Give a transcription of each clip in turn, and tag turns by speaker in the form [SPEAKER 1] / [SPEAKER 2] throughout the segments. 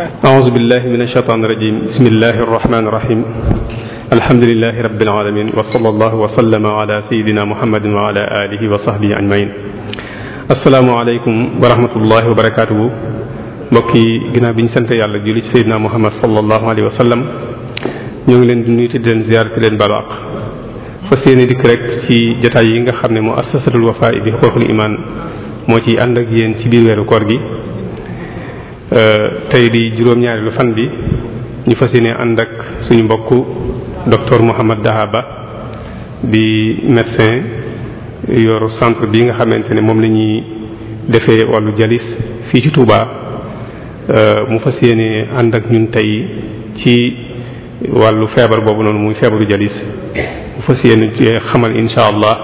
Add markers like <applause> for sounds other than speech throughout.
[SPEAKER 1] أعوذ بالله من الشيطان الرجيم بسم الله الرحمن الرحيم الحمد لله رب العالمين وصلى الله وسلم على سيدنا محمد وعلى آله وصحبه أجمعين assalaamu aleykum wa rahmatullahi wa barakaatuhu mbokk yi ginnaaw bi ñu sant yàlla julli ci seydina muhammad sallallahu alayhi wa sallam ñoo ngi leen di nuyu te di leen ziyaar te leen baalu àq fas yéene dikk rek ci jataay yi nga xam ne mu assasatul wafaa bi xuquuqul imaan moo ci ànd ak yéen ci biir weeru koor gi Euh, tey di juróom-ñaareelu fan bi ñu fas yéene ànd ak suñu mbokk docteur Mouhamad Dahaba di médecin yor centre bi nga xamante ne moom lañuy ñuy defee wàllu jalis fii ci Touba euh, mu fas yéene ànd ak ñun tey ci wàllu feebar boobu noonu muy feebaru jalis mu fas yéene xamal incha allah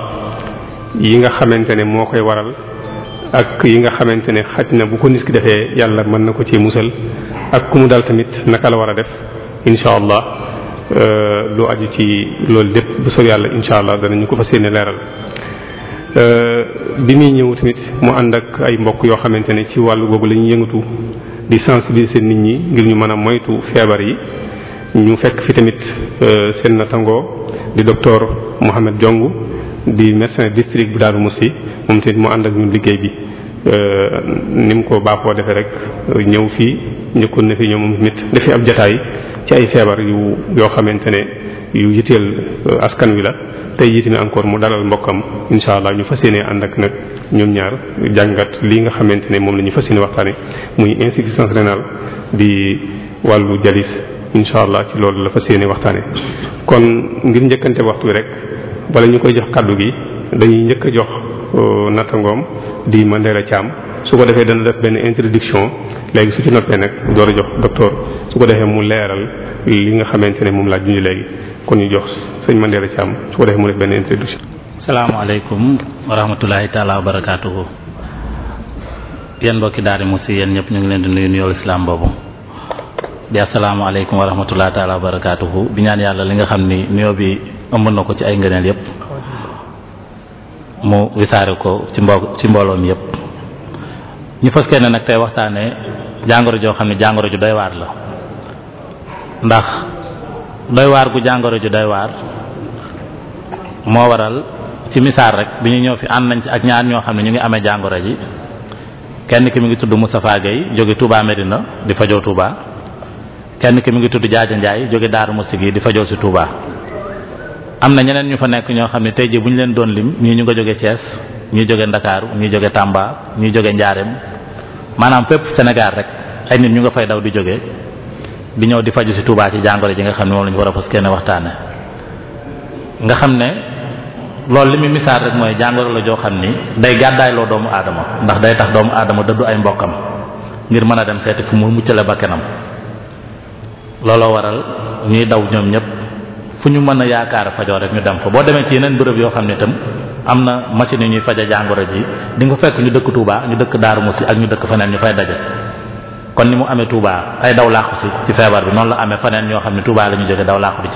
[SPEAKER 1] yi nga xamante ne moo koy waral ak yi nga xamante ne xaj na bu ko nit ki defee yàlla mën na ko ci musal ak ku mu dal tamit naka la war a def incha allah euh, lu aju ci loolu lépp bu sol yàlla incha allah danañu ko fas yéene leeral. Euh, bi muy ñëw tamit mu ànd ak ay mbokk yoo xamante ne ci wàllu googu la di yëngatu di seen nit ñi ngir ñu mën a moytu feebar yi ñu fekk fi tamit euh, seen nattango di docteur Mohamed jong di médecin district bu Darou Moussi moom tamit mu ànd ak ñun liggéey bi euh, ni mu ko baaxoo defee rek ñëw fii njëkkoon na fi ñoom moom tamit dafay ab jataay ci ay feebar yu yoo xamante ne yu yitteel euh, askan wi la tey jii tamit encore mu dalal mbokkam incha allah ñu fas yéene ànd ak nag ñoom ñaar jàngat lii nga xamante ne moom la ñu fas yéene waxtaane muy insuffisance rénale di wàllu jalis incha allah ci loolu la fas yéene waxtaane kon ngir njëkkante waxtu wi rek. bala ñu koy jox kàddu gi dañuy njëkk a jox euh, nattangoom di Mandela Thiam su ko defee dana def benn introduction léegi su ci noppee nag door a jox docteur su ko defee mu leeral li nga xamante ne moom laa junj léegi kon ñu jox sëñ Mandela Thiam su ko defee mu def benn introduction.
[SPEAKER 2] salaamaaleykum wa rahmatulahi taala wa barakaatuhu yéen mbokki daari musi yéen ñëpp ñu ngi leen di nuyu nuyoo islam boobu. di wa rahmatulah taala wa li nga xam ni nuyoo bi. ëmb na ko ci ay ngëneel yépp mu wisaare ko ci mbo ci mbooloo mi yépp ñu fas kenn nag tey waxtaane jàngoro joo xam ne jàngoro ju doy waar la ndax doy waar gu jàngoro ju doy waar moo waral ci misaal rek bi ñu ñëw fi ànd nañ ci ak ñaar ñoo xam ne ñu ngi amee jàngoro ji kenn ki mu ngi tudd Moustapha Gueye jóge Touba Medina di fajoo Touba kenn ki mu ngi tudd Jaaja Njaay jóge Daaru Musti gi di fajoo si Touba am na ñeneen ñu fa nekk ñoo xam ne tey jii bu ñu leen doon lim ñii ñu nga jóge Thiès ñii jóge Ndakaaru ñii jóge Tamba ñii jóge Njaareem maanaam fépp Sénégal rek ay nit ñu nga fay daw di jóge di ñëw di faju ci Touba ci jàngoro ji nga xam ne moom la ñu war a kenn waxtaane nga xam ne loolu li muy misaal rek mooy jàngoro la joo xam ni day gàddaay doomu aadama ndax day tax doomu aadama dëddu ay mbokkam ngir mën a dem seeti fu mu muccale bakkanam looloo waral ñuy daw ñoom ñëpp fu ñu mën a yaakaar fajoo rek ñu dem fa boo demee ci yeneen bërëb yoo xam ne itam am na machine yi ñuy faja jàngoro ji di nga fekk ñu dëkk Touba ñu dëkk Darou Moussi ak ñu dëkk feneen ñu fay daje kon ni mu amee Touba ay daw làqu ci feebar bi noonu la amee feneen ñoo xam ne Touba la ñu jógee daw làqu bi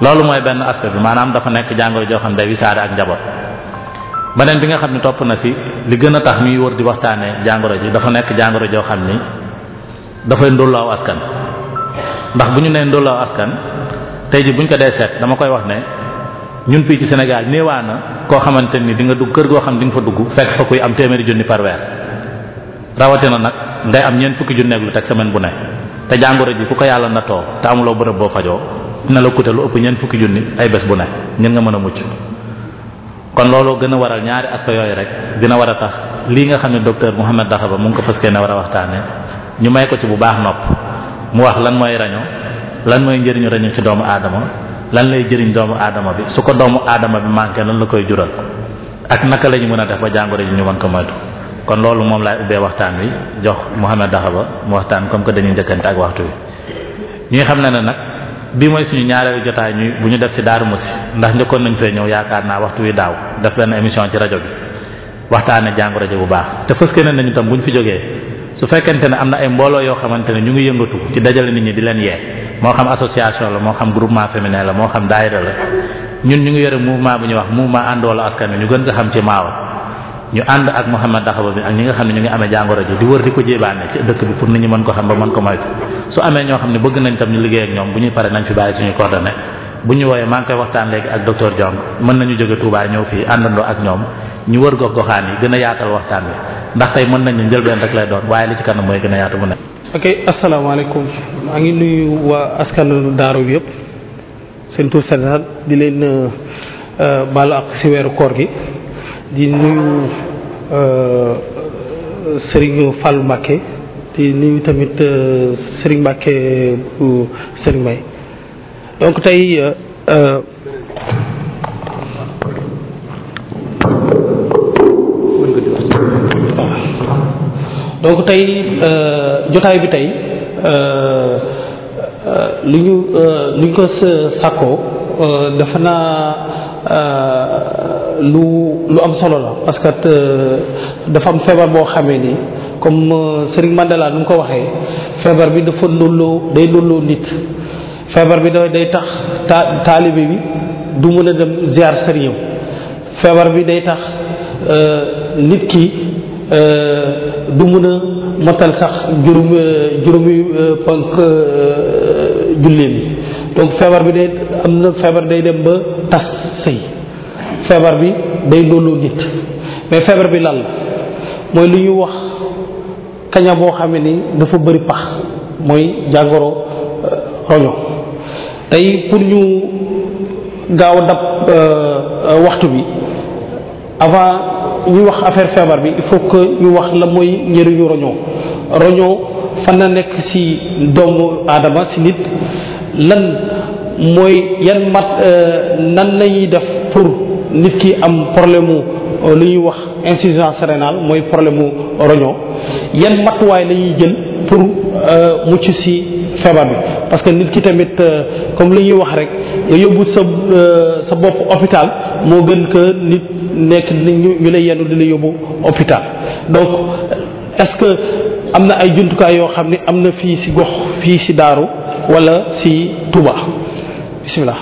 [SPEAKER 2] loolu mooy benn aspect bi maanaam dafa nekk jàngoro joo xam ne day wisaare ak njaboot beneen bi nga xam ne topp na si li gën a tax ñuy wër di waxtaanee jàngoro ji dafa nekk jàngoro joo xam ni dafay ndolloo askan ndax bu ñu nee ndolloo askan tey ji buñ ko dee seet dama koy wax ne ñun fii ci Sénégal néewaa na koo xamante ni di nga dugg kër goo xam di nga fa dugg fekk fa kuy am téeméeri junni par weer rawatina nag ngay am ñeent fukki junneeg lu teg semaine bu ne te jàngoro ji ku ko yàlla na too te amuloo bërëb boo fajoo dina la coûter lu ëpp ñeent fukki junni ay bés bu ne ñun nga mën a mucc kon loolu gën a waral ñaari aspect yooyu rek dina war a tax lii nga xam ne docteur Mouhamed Dakhaba mu ngi ko fas ne war a ñu may ko bu baax nopp mu wax lan mooy raño lan mooy njëriñu reñu ci doomu aadama lan lay jëriñ doomu aadama bi su ko doomu aadama bi manqué lan la koy jural ak naka la ñu mën a def ba jàngoro ji ñu man ko moytu kon loolu moom laay ubbee waxtaan wi jox Mouhamed Daxaba mu waxtaan comme que dañuy njëkkante ak waxtu bi ñuy xam ne ne nag bii mooy suñu ñaareelu jotaay ñuy bu ñu def ci Darou Moukhty ndax njëkkoon nañ fee ñëw yaakaar naa waxtu wi daaw def benn émission ci rajo bi waxtaane jàngoro ji bu baax te fës keneen nañu tam buñ fi jógee su fekkente ne am na ay mbooloo yoo xamante ne ñu ngi yëngatu ci dajale nit ñi di leen yee moo xam association la moo xam groupement féminin la moo xam daayira la ñun ñu ngi yore mouvement bu ñu wax muumaa ànd wala askan wi ñu gën ko xam ci maawa ñu ànd ak Mouhamed Daxaba bi ak ñi nga xam ne ñu ngi amee jàngoro ji di wër di ko jébaane ci dëkk bi pour ni ñi mën ko xam ba mën ko moytu su amee ñoo xam ne bëgg nañ tam ñu liggéey ak ñoom bu ñuy pare nañ fi bàyyi suñu coordonnées bu ñu wooyee maa ngi koy waxtaan léegi ak docteur Diong mën nañu jóge Touba ñëw fii àndandoo ak ñoom ñu wër gox goxaan yi gën a yaatal waxtaan bi ndax tey mën nañu njëlbeen rek lay doon waaye li ci kanam mooy gën a yaatu mu ne.
[SPEAKER 3] ok asalaamaaleykum maa ngi nuyu waa askanu daaru bi yëpp seen tur Sénégal di leen euh, euh, baalu ak si weeru koor gi di nuyu euh, Serigne Fallou Mbacké di nuyu tamit Serigne Mbacké Serigne tey. donc tey euh, jotaay bi tey euh, euh, lu ñu lu ñu ko sàkkoo dafa naa lu lu am solo la parce que dafa am feebar boo xamee ni comme Serigne Mandela nu mu ko waxee feebar bi dafa lolloo day lolloo nit feebar bi da day tax ta taalibe bi du mën a dem ziar sëriñam feebar bi day tax nit ki du mun a motal sax euh, juróomi euh, ponk euh, julli bi donc feebar bi day am na feebar day dem ba tas sëy feebar bi day dooloo nit mais feebar bi lan la mooy lu ñu wax kaña boo xamee ni dafa bëri pax mooy jàngoro roño tey pour ñu gaaw dab waxtu bi avant ñuy wax affaire feebar bi il faut que ñu wax la mooy njëriñu roñoo roñoo fan na nekk ci doomu aadama ci nit lan mooy yan mat euh, nan lañuy def pour nit ki am problème mu lu ñuy wax insuffisance rénale mooy problème mu roñoo yan matuwaay la ñuy jël pour euh, mucc ci feebar bi parce que nit ki tamit euh, comme li ñuy wax rek yóbbu sa euh, sa bopp hôpital moo gën que nit nekk ñu lay yenn di yóbbu hôpital donc est-ce que am na ay jumtukaay yoo xam ni am na fii ci gox fii ci daaru walla ci Touba bismillah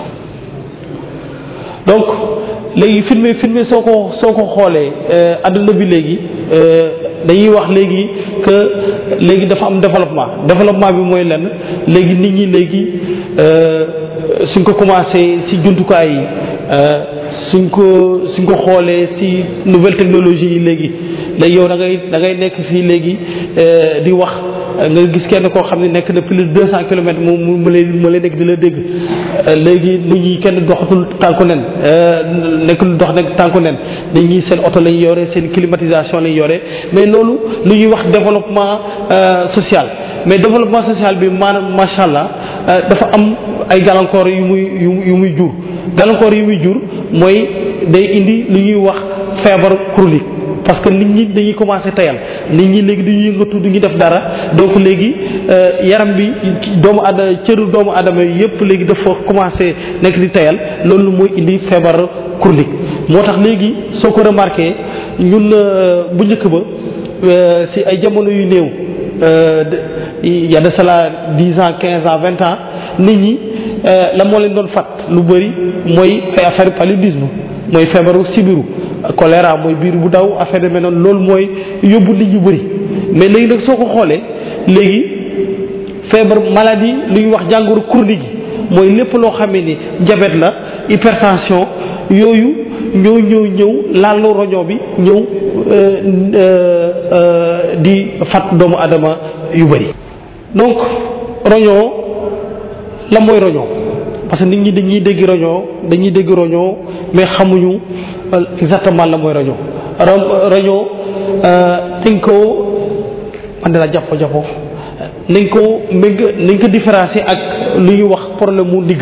[SPEAKER 3] donc léegi film yi film yi soo ko soo ko xoolee àdduna euh, bi léegi euh, dañuy wax léegi que léegi dafa am développement développement bi mooy lenn léegi nit ñi léegi euh, suñ ko commencé ci jumtukaay yi suñ ko suñ ko xoolee ci nouvelle technologie yi léegi. day yow da ngay da ngay nekk fii léegi euh, di wax nga gis kenn koo xam ne nekk na plus de cent kilomètres mu mu mu lay mu lay nekk di la dégg euh, léegi nit ñi kenn doxatul tànku nen euh, nekkul dox nag tànku nen nit ñi seen oto lañ yore seen climatisation lañ yore mais loolu lu ñuy wax développement social mais développement social bi maanaam macha allah dafa am ay gàllankoor yu muy yu muy jur gàllankoor yu muy jur mooy day indi lu ñuy wax feebar chronique parce que nit ñi dañuy commencé tayal nit ñi léegi du ñu yëngatu du def dara donc léegi euh, yaram bi doomu aadama cëru doomu aadama yépp léegi dafa commencé nekk di tayal loolu mooy indi feebar chronique moo tax léegi soo ko remarqué ñun euh, bu njëkk ba euh, si ay jamono yu néew y a de cela quinze ans vingt ans nit ñi la moo leen doon fat lu bëri mooy ay affaire paludisme mooy feebaru sibiru choléra mooy biir bu daw affaire yu mel loolu mooy yóbbu nit yu bëri mais léegi nag soo ko xoolee léegi feebar maladie li ñuy wax jàngoro chronique gi mooy lépp loo xamee ni jabet la hypertension yooyu ñëw ñëw ñëw laalu roñoo bi ñëw euh, euh, euh, di fat doomu adama yu bëri donc roñoo la mooy roñoo parce que nit ñi dañuy dégg roñoo dañuy dégg roñoo mais xamuñu euh, exactement la mooy roñoo roñoo dañ ko man de la jàppo jàppo nañ ko méng nañ ko différencier ak lu ñuy wax problème mu ndigg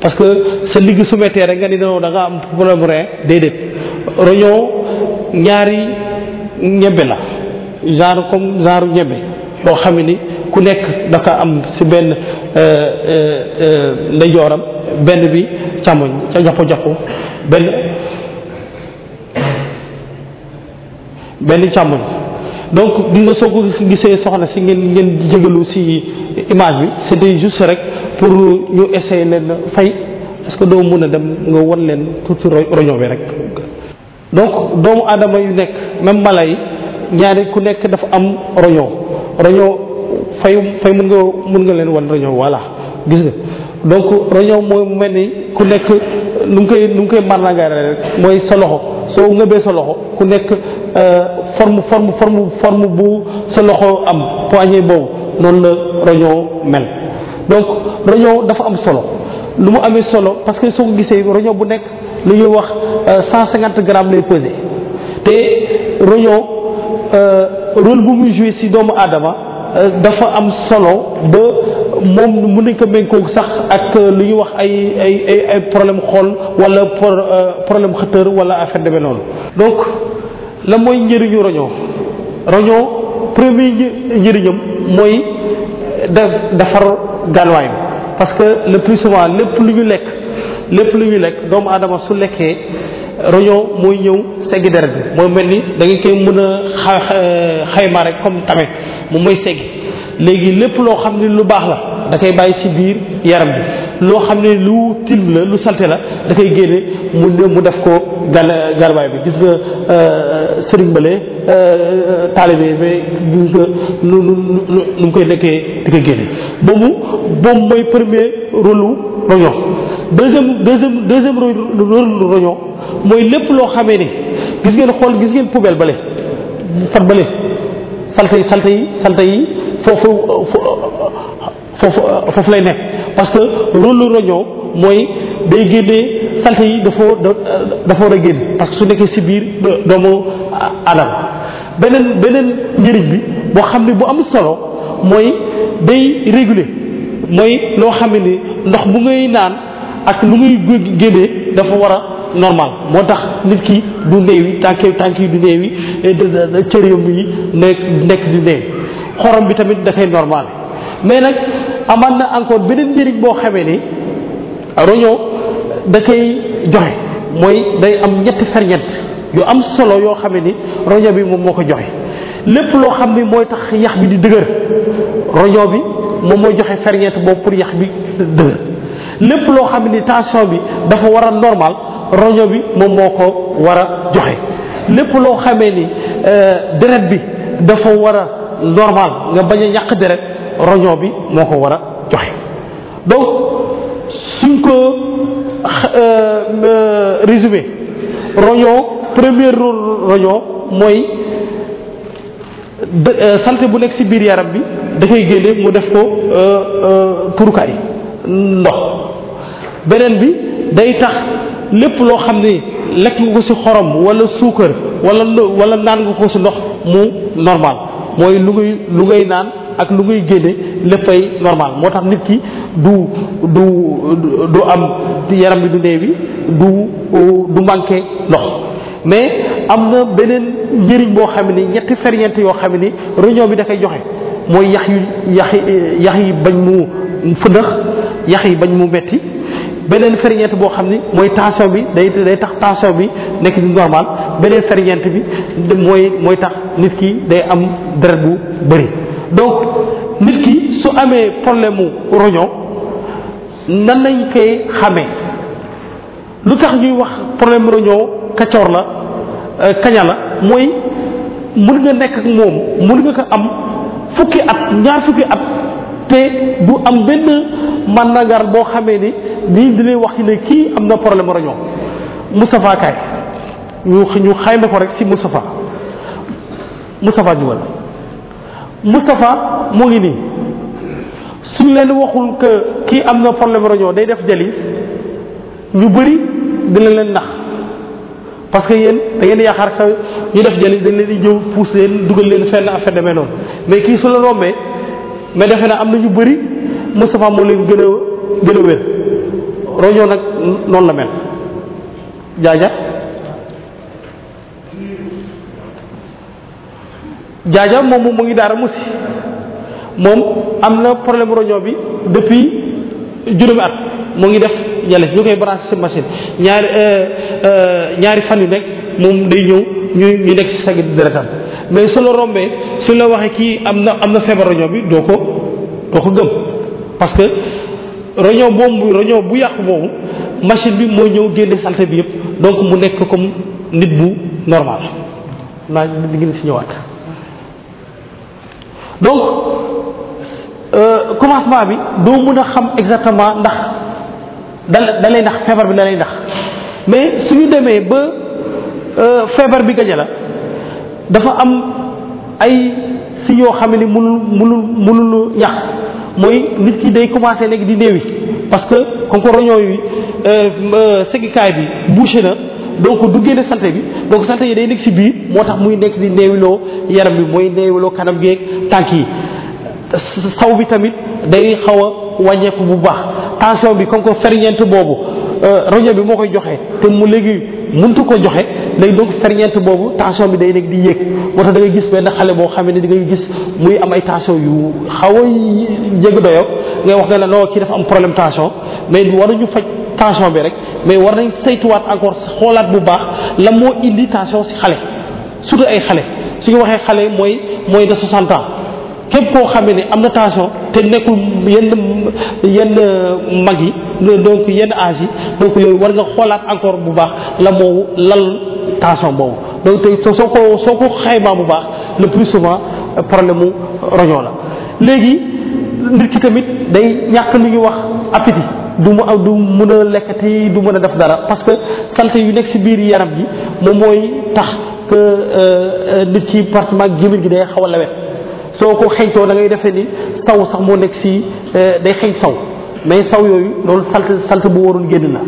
[SPEAKER 3] parce que sa ndigg su mettee rek nga ni danoo da nga am problème rein déedéet roñoo ñaari ñebe la genre comme genre ñebe boo xam ni ku nekk dafa am si benn euh, euh, euh, ndeyjooram benn bi càmmoñ ca jàppo-jàppo benn benn càmmoñ donc bi nga soo ko gisee soxna si ngeen ngeen jégalu si image bi c'était juste rek pour ñu essayer leen fay parce que doo mun a dem nga won leen tuuti roño bi rek donc doomu aadama yu nekk même mala yi ñaari ku nekk dafa am roño réunion fay fay mun nga mun nga leen wan réunion voilà gis nga donc réunion mooy mu mel ni ku nekk lu ngi koy nu ngi koy màndangaare rek mooy sa loxo soo ngëbee sa loxo ku nekk euh, forme forme forme forme bu sa loxo am poignée boobu noonu la réunion mel donc réunion dafa am solo lu mu amee solo parce que soo ko gisee réunion bu nekk lu ñuy wax euh, cent cinquante grammes lay peser te réunion Euh, rôle bu muy joué si doomu aadama euh, dafa am solo ba moom mën nañ ko méngoo sax ak euh, lu ñuy wax ay ay ay problème xool wala problème xëtër wala affaire demee noonu donc la mooy njëriñu roñoo roñoo premier njëriñam mooy def defar gànnuwaay parce que le plus souvent lépp lu ñu lekk lépp lu ñu lekk doomu aadama su lekkee roñoo mooy ñëw seggi deret bi mooy mel ni da nga mun a xayma rek comme tamit moom mooy seggi léegi lépp loo xam ne lu baax la da koy bàyyi ci biir yaram bi loo xam ne lu tilim la lu salte la da koy génne mu mu def ko gal galbaay bi gis nga euh, sëriñ bale euh, taalibe ba gis nga nu nu nu mu koy nekkee di koy génne boobu boobu mooy premier rôle lu deuxième deuxième deuxième roño mooy lépp loo xamee ni gis ngeen xool gis ngeen poubelle bale fat bale salte yi salte yi salte yi foofu foofu lay nekk parce que rôle lu mooy day génne salte yi dafa dafa war a génn parce su nekkee si biir doomu aadama beneen beneen njëriñ bi boo xam ne bu am solo mooy day réguler mooy loo xam ne ndox bu ngay naan ak lu muy génnee dafa war a normal moo tax nit ki du néewi tànk tànk yi du néewi cër yi nekk nekk du néew xorom bi tamit dafay normal mais nag amaan na encore beneen njëriñ boo xamee ni roñoo da koy joxe mooy day am ñetti ferñent yu am solo yoo xamee ni roñoo bi moom moo ko joxe lépp loo xam ni mooy tax yax bi di dëgër roñoo bi moom mooy joxe ferñent boobu pour yax bi dëgër lépp loo xam ni tension bi dafa war a normal roño bi moom moo ko war a joxe lépp loo xamee ni euh, deret bi dafa war a normal nga bañ a yàq deret roño bi moo ko war a joxe donc suñ ko euh, euh, résumé roño premier rôle roño mooy saleté bu nekk ci biir yaram bi dafay génne mu def ko turukaay ndox beneen bi day tax lépp loo xam ne lekk nga ko ci xorom walla suukar walla walla naan nga ko ci ndox mu normal mooy lu ngay lu ngay naan ak lu ngay génne léppay normal moo tax nit ki du du du am yaram bi du néew bi du du ndox mais am na beneen njëriñ boo xam ne ñetti ferñeent yoo xam ne réunion bi da koy joxe mooy yax yu yax yi bañ mu fëndax yax yi bañ mu metti beneen ferñeent boo xam ni mooy tension bi day day tax tension bi nekk ci normal beneen ferñeent bi mooy mooy tax nit ki day am deret bu bëri donc nit ki su amee problème mu roño nan lañ koy xamee lu tax ñuy wax problème roño kacoor la euh, kaña la mooy mun nga nekk ak moom mun nga ko am fukki at ñaar fukki at te du am benn màndangar boo xamee ni lii di wax ci ne kii am na problème rañoo Moustapha Kaay ñu ñu xayma ko rek si Moustapha Moustapha jugal Moustapha mu ngi nii suñ leen waxul que kii am na problème rañoo day def jalis ñu bëri dina leen nax parce que yéen da ngeen yaakaar que ñu def jalis dañ leen di jëw pousse leen dugal leen fenn affaire demee noonu mais kii su la rombee mais defe na am na ñu bëri Moustapha moo leen gën a gën a wér roñoo nag noonu la mel jaaja jaaja moom moom mu ngi daara musi moom am na problème roñoo bi depuis juróomi at moo ngi def ñalis ñu koy branché si machine ñaari euh, euh, ñaari fan yu nekk moom day ñëw ñu nekk si sagi deretam mais su la rombee suñ la waxee kii am na am na feebar roño bi doo ko doo ko gëm parce que roño boobu roño bu yàqu boobu machine bi moo ñëw génne saleté bi yëpp donc mu nekk comme nit bu normal naa si ñëwaat donc euh, commencement bi doo mën a xam exactement ndax da da ndax feebar bi da ndax mais suñu demee ba euh, feebar bi gañe dafa am ay si ñoo xam ne mënul mënul mënul yàq mooy nit ki day commencé léegi di néew parce que comme que roñoo yi euh, euh, segikaay bi bouché na donc du génne salte bi donc salte yi day nekk si biir moo tax muy nekk di néewiloo yaram bi mooy néewiloo kanam geeg tànk yi saw bi tamit day xaw a wàññeeku bu baax tension bi comme que ferñeent boobu euh, roño bi moo koy joxe te mu léegi mëntu ko joxe léegi donc ferñeent boobu tension bi day nekk di yéeg moo tax da ngay gis benn xale boo xam ne da ngay gis muy am ay tension yu xaw a jégg doyoo ngay wax nga ne non kii dafa am problème tension mais waruñu faj tension bi rek mais war nañ saytuwaat encore xoolaat bu baax la moo indi tension si xale surtout ay xale su ñu waxee xale mooy mooy de 60 ans. képp koo xamee ne am na tension te nekkul yenn yenn mag yi donc yenn âge donc yooyu war nga xoolaat encore bu baax la moo lal tension boobu donc tey soo ko soo ko xaymaa bu baax le plus souvent problème mu roñoo la léegi ki tamit day ñàkk lu ñuy wax appétit du mu du mën a lekkati du mën a def dara parce que saleté yu nekk ci biir yaram gi moom mooy tax que euh, euh, nit ki pratiquement gémmiñ gi day xaw a lawet soo ko xeeñtoo da ngay defee ni saw sax moo nekk si eh, day xeeñ saw mais saw yooyu loolu salt salt bu warul génn na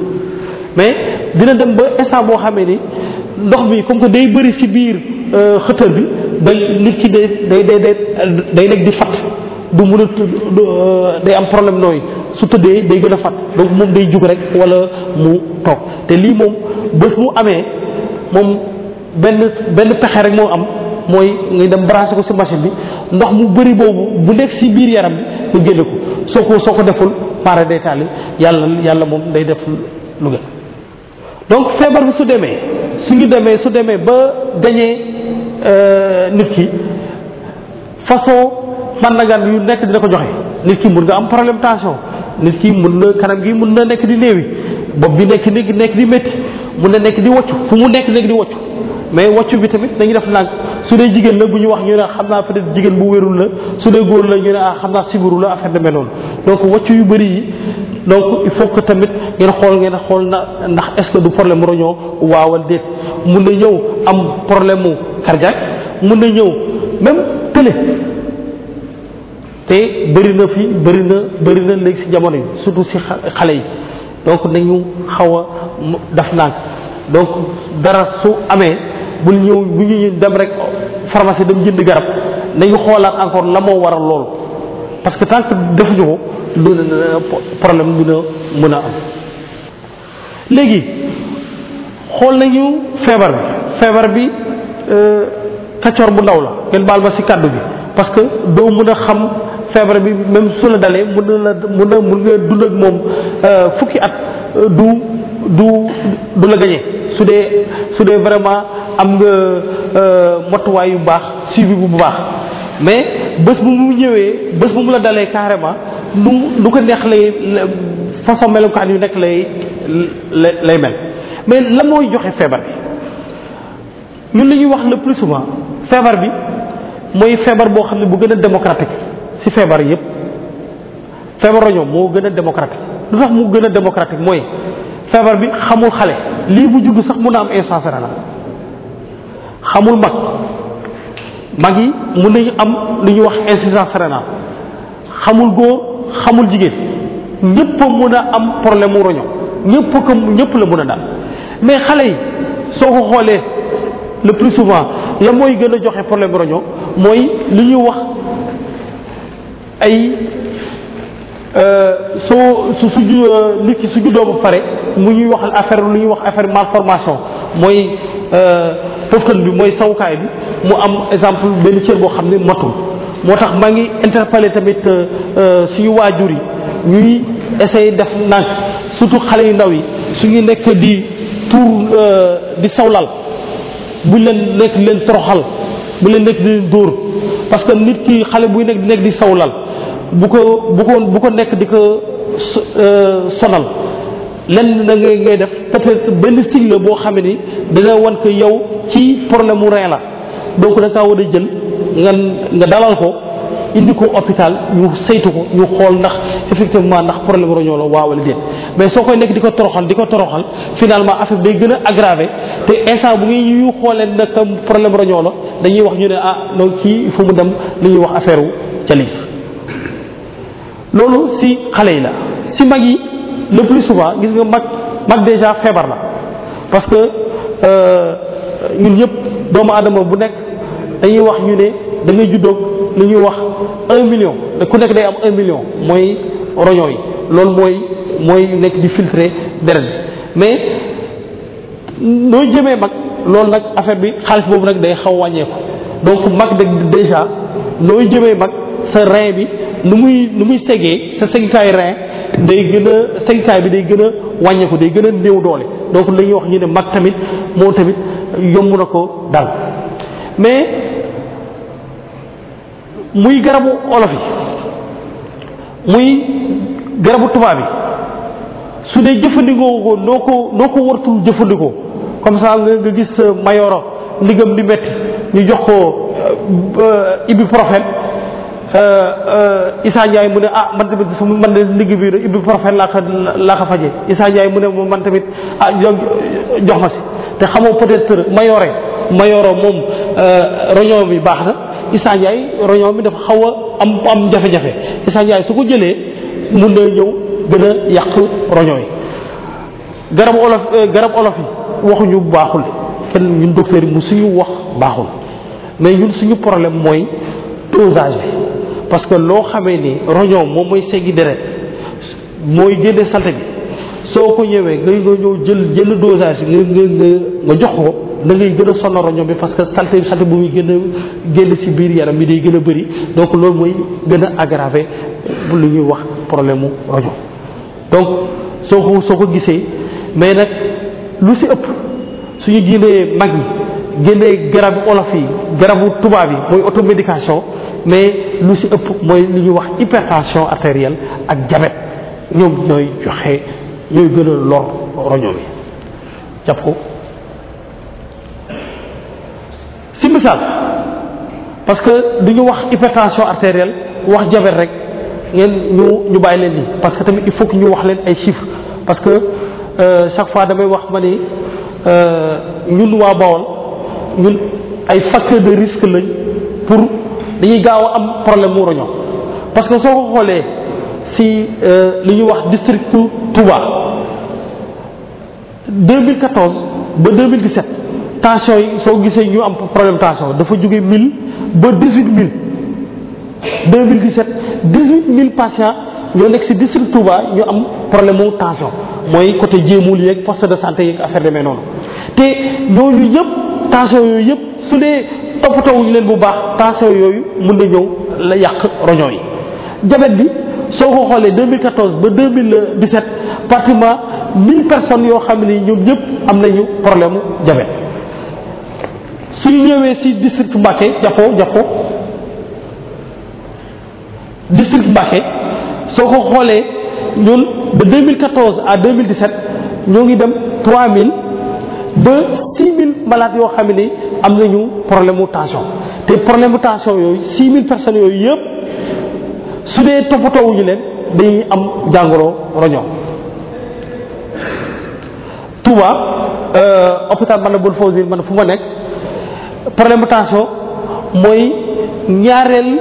[SPEAKER 3] mais dina dem ba instant boo xamee ni ndox mi comme que day bëri si biir euh, xëtër bi day nit ki day day day day nekk di fat du mun a euh, day am problème nooy su tëddee day gën a fat donc moom day jug rek wala mu toog te lii moom bés mu amee moom benn benn pexe rek moo am mooy ngay dem branché ko si machine bi ndox mu bëri boobu bu nekk si biir yaram bi nga génne ko soo ko soo ko deful pare day taali yàlla yàlla moom day def lu gën donc feebar bi su demee su ngi demee su demee ba gañee euh, nit ki façon gan yu nekk dina ko joxe nit ki mun nga am problème tension nit ki mun na kanam gi mun na nekk di néewi bopp bi nekk di nekk di métti mun na nekk di wocc fu mu nekk nekk di wocc mais wàccu bi tamit dañuy def nag su dee jigéen la bu ñu wax ñu ne xam naa peut être jigéen bu wérul la su dee góor la ñu ne ah xam naa sibiru la affaire demee noonu donc waccu yu bëri yi donc il faut que tamit ngeen xool ngeen xool na ndax est ce que du problème roñoo waawal déet mun na ñëw am problème mu cardiaque mun na ñëw même télé te bëri na fi bëri na bëri na léegi si jamono yi surtout si xale yi donc nañu xaw a daf naan donc dara su amee bul ñëw bu ñu dem rek pharmacie dem jënd garab nañu xoolaat encore la moo waral loolu parce que tant que defuñu ko dina problème dina mën a am. léegi xool nañu feebar feebar bi euh, kaccoor bu ndaw la ngeen ci kàddu bi parce que doo mën a xam feebar bi même su dalee mën na la na mën nga dund ak moom euh, fukki at euh, du. du du la gañe su dee su dee vraiment am nga euh, motuwaay yu baax suivi bu baax mais bés bu mu ñëwee bés bu mu la dalee carrément nu nu ko neex lay façon melokaan yu nekk lay lay mel mais la mooy joxe feebar bi ñun li ñuy wax le plus souvent feebar bi mooy feebar boo xam ne bu gën a démocratique ci feebar yépp feebar roño moo gën a démocratique lu tax mu gën a démocratique mooy feebar bi xamul xale lii bu judd sax mun na am insuffisance rénale xamul mag mag yi mun nañu am lu ñuy wax insuffisance rénale xamul góor xamul jigéen ñëpp a mun a am problème mu roño ñëpp ko ñëpp la mun a daal mais xale yi soo ko xoolee le plus souvent la mooy gën a joxe problème roño mooy lu ñuy wax ay Euh, soo su su euh, nit ki su juddoo ba pare mu ñuy waxal affaire lu ñuy wax affaire formation mooy pëftan euh, bi mooy sawukaay bi mu am exemple benn cër boo xam ne matul moo tax maa ngi interpeller tamit suñu waajur yi ñuy essayer def ndànk surtout xale yu ndaw yi suñu nekk di tuur di sawlal buñ leen nekk leen toroxal bu leen nekk di leen dóor parce que nit ki xale buy nekk di nekk di sawlal bu ko bu ko bu ko nekk di ko euh, sonal lenn na ngay ngay def peut-être benn signe boo xam ni dina wan ko yow ci problème mu ree la donc da kaa war a jël nga nga dalal ko indi ko hôpital ñu saytu ko ñu xool ndax effectivement ndax problème roñoo la waaw wala déet mais soo koy nekk di ko toroxal di ko toroxal finalement affaire day gën a aggravé te instant bu ngi xooleen na nag problème roñoo la dañuy wax ñu ne ah donc kii il faut mu dem li ñuy wax affaire wu ca loolu si xale yi la si mag yi le plus souvent gis nga mag mag déjà feebar la parce que euh, ñun ñëpp doomu aadama bu nekk dañuy wax ñu ne dangay ngay juddoog lu ñuy wax un million te ku nekk day am un million mooy roñoo yi loolu mooy mooy nekk di filtrer deret mais noo jëmee mag loolu nag affaire bi xaalis boobu nag day xaw wàññeeku donc mag dëgg déjà nooy jëmee mag sa rein bi nu muy nu muy segee sa segikaay rein day gën a segikaay bi day gën a wàññeeku day gën a néew doole donc la ñuy wax ñu ne mag tamit moom tamit yomb na ko dal mais muy garabu olof yi muy garabu tubaab yi su dee jëfandikoo ko noo ko noo ko wartul jëfandikoo comme ça nga gis mayoro ndigam di metti ñu jox ko euh, euh, ibuprofène Euh, euh, Issa Ndiaye mu ne ah man tamit su man de nigg bi ibuprofène laa ko laa ko faje Issa Ndiaye mu ne moom man tamit ah jox ma si te xamoo peut-être ma yore ma yoro moom euh, roño bi baax na Issa Ndiaye roño bi dafa xaw a am am jafe-jafe Issa su ko jëlee mun na ñëw gën a yàq roño yi garab olof garab olof yi waxuñu baaxul kenn ñun docteur yi mu suñu wax baaxul mais ñun suñu problème mooy dosage bi parce que loo xamee ni roñoo moom mooy seggi deret mooy génne salte bi soo ko ñëwee nga nga ñëw jël jël dosage nga nga nga jox ko da ngay gën a sonal bi parce que salte bi salte bu muy gën a génn ci biir yaram bi day gën a bëri donc loolu mooy gën a aggravé lu ñuy wax problème mu roño donc soo ko soo ko gisee mais nag lu si ëpp suñu diinee mag yi génnee garabu olof yi garabu tubaab yi mooy automédication mais lu si ëpp mooy lu ñuy wax hypertension artérielle ak diabète ñoom ñooy joxe ñooy gën lor roño bi jàpp ko si misaal parce que du ñu wax hypertension artérielle wax diabète rek ngeen ñu ñu bàyyi leen nii parce que tamit il faut que ñu wax leen ay chiffres parce que euh, chaque fois damay wax ma ni euh, ñun waa Bawol ñun ay facteur de risque lañ pour dañuy gaaw a am problème mu roño parce que soo ko xoolee si euh, li ñuy wax district Touba 2014 ba 2017 tension yi soo gisee ñu am problème tension dafa jóge 1000 ba 18000 2017 18000 patients ñoo nekk si district Touba ñu am problème mu tension mooy côté jéemul yeeg poste de santé yeeg affaire demee noonu te ñooñu ñëpp. tension yooyu yëpp su dee toppatoowuñu leen bu baax tension yooyu mun na ñëw la yàq roñoo yi jabet bi soo ko xoolee 2014 ba 2017 pratiquement 1000 personnes yoo xam ne ñoom ñëpp am nañu problème mu jabet suñu ñëwee si district Mbacké Jappo Jappo district Mbacké soo ko xoolee ñun de 2014 à 2017 ñoo ngi dem 3000 ba 6 malade yoo xam ni am nañu problème mu tension te problème mu tension yooyu 6000 personnes yooyu yëpp su dee toppatoowuñu leen dañuy am jàngoro roño Touba euh, hôpital man na bul fawsir man fu ma nekk problème mu tension mooy ñaareel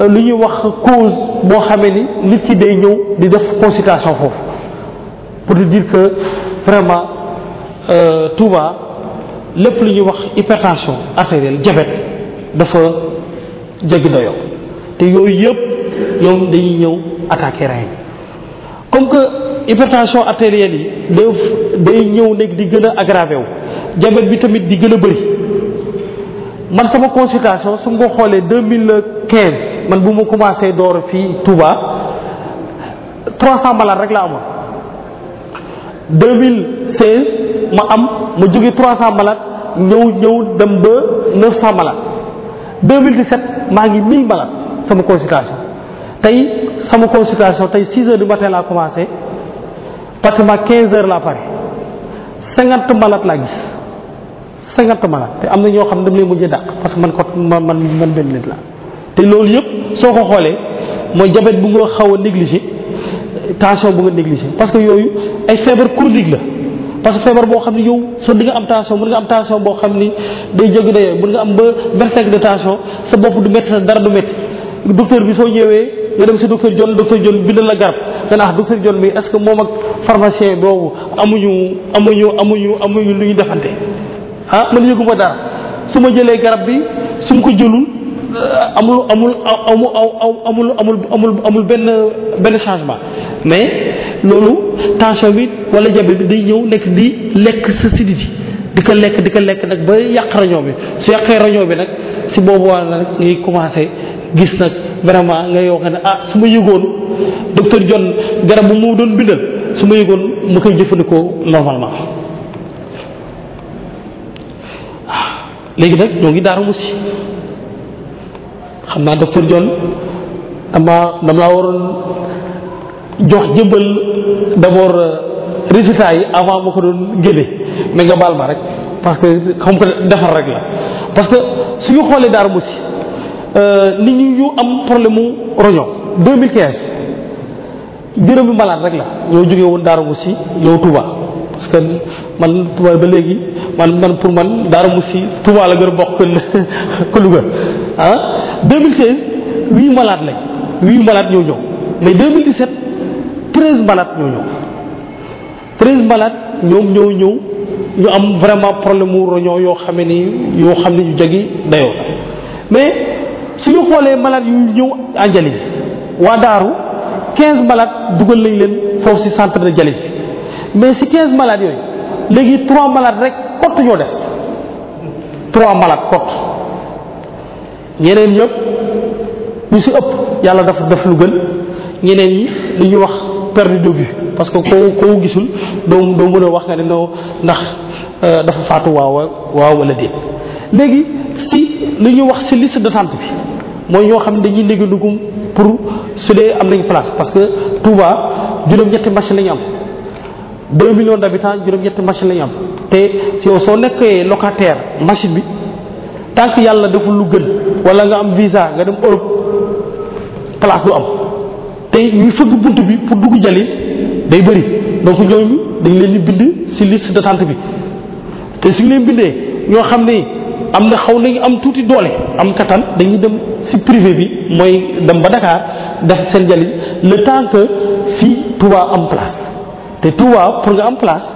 [SPEAKER 3] euh, lu ñuy wax cause boo xamee ni nit ki day ñëw di def consultation foofu pour te dire que vraiment euh, Touba lépp lu ñuy wax hypertension artérielle jabet dafa jéggi doyo te yooyu yëpp ñoom dañuy ñëw attaqué rein comme que hypertension artérielle yi daf day ñëw nekk di gën a aggravé wu diabète bi tamit di gën a bëri man sama consultation su nga xoolee deux mille quinze man bu ma commencé door fii Touba trois cent malades rek la amoon deux ma am ma jóge trois cent malades ñëw ñëw dem ba neuf cent malade 2017 maa ngi mille malade sama consultation tey sama consultation tey six heures du matin laa commencé pratiquement quinze heures laa pare cinquante malade laa gis cinquante malade te am na ñoo xam ne dama leen mujjee dàq parce que man ko man man benn nit la te loolu yëpp soo ko xoolee mooy jabet bu nga xaw a négligé tension bu nga négligé parce que yooyu ay feebar chronique la parce que feebar boo xam ne yow sa di am tension mën nga am tension boo xam ni day jéggi dayoo mën nga am ba vertige de tension sa bopp du métti sa dara du métti docteur bi soo ñëwee nga dem si docteur John docteur John bindal la garab nga naan ah docteur jon bi est-ce que moom ak pharmacien boobu amuñu amuñu amuñu amuñu lu ñu defante ah man yëguma dara su ma jëlee garab bi su ma ko jëlul euh, amul amul amul amul amul amul benn benn changement mais. loolu tension bi wala diabète bi day ñëw nekk di lekk sa sidit yi di ko lekk di ko lekk nag ba yàq rañoo bi su yàqee rañoo bi nag si boobu wàll nag ngay commencé gis nag vraiment ngay wax ne ah, su ma yëgoon docteur John garab bu mu doon bindal su ma yëgoon mu koy jëfandikoo normalement ah, nag ñoo ngi daaru naa docteur John dama waroon jox jëmbal d'abord euh, résultat yi avant moo ko doon génne mais nga baal ma rek parce que xam ko defar rek la parce que suñu xoolee Darou Mousty euh, nit ñi ñu am problème mu roño 2015 juróomi malade rek la ñoo jógee woon Darou Mousty ñëw Touba parce que man Touba ba léegi man man pour man Darou Mousty Touba la gën a bokk que <laughs> Louga ah 2016 malaat malade lañ huit ñoo ñëw mais treize malade ñoo ñëw treize malade ñoom ñoo ñëw ñu am vraiment problème mu roñoo yoo xam ni yoo xam ne ñu jegi dayoo mais su suñu xoolee malade yu ñëw en dialyse waa daaru quinze malade dugal nañ leen foofu ci centre de dialyse mais ci quinze malade yooyu léegi trois malade rek kott ñoo def trois malade kott ñeneen ñëpp ñu ci ëpp yàlla dafa def lu gën ñeneen yi li ñuy wax perdu de vue parce que koo koo gisul doo doo mën a wax nga ne noo ndax euh, dafa faatu waaw waaw wala déet léegi si li ñuy wax si liste d'attente bi mooy ñoo xam ne dañuy négandugum pour su dee am nañ place parce que Touba juróom-ñetti machine lañu am deux millions d'habitants juróom-ñetti machine la am te yow soo nekkee locataire machine bi tànk yàlla deful lu gën wala nga am visa nga dem Europe place du am tey ñuy fëgg bunt bi pour dugg jali day bëri donc ñooñu dañ leen di bind ci liste d'attente bi te suñ leen bindee ñoo xam ne am na xaw nañu am tuuti doole am kattan dañuy dem ci privé bi mooy dem ba Dakar def seen jali le temps que fii Touba am place te Touba pour nga am place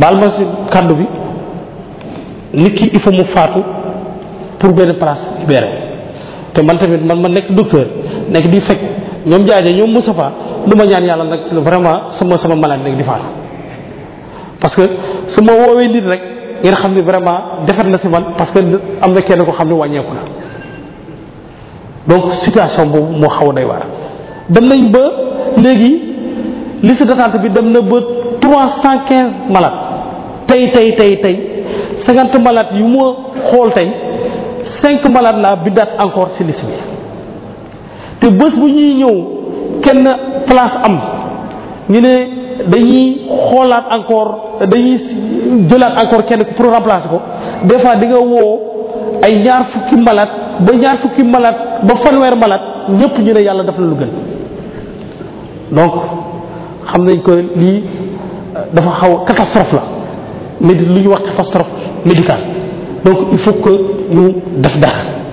[SPEAKER 3] baal ma ci kàddu bi nit ki il faut mu faatu pour benn place libéré te man tamit man ma nekk docteur nekk di fekk ñoom jaaja ñoom Moustapha lu ma ñaan yàlla nag vraiment sama sama malade nag di faat parce que su ma woowee nit rek ngeen xam ne vraiment defar na si man parce que am na kenn ko xam ne wàññeeku na donc situation boobu moo xaw a doy waar dem nañ ba léegi liste d'attente bi dem na bët trois cent quinze malades tey tey tey tey cinquante malades yu ma xool tey cinq malades laa bi bindaat encore si liste bi te bés bu ñuy ñëw kenn place am ñu ne dañuy xoolaat encore dañuy jëlaat encore kenn pour remplacer ko des fois di nga woo ay ñaar fukki malaat ba ñaar fukki malaat ba fanweer malaat ñëpp ñu ne yàlla daf la lu gën donc xam nañ ko lii dafa xaw catastrophe la médi lu ñu wax catastrophe médicale donc il faut que ñu def dara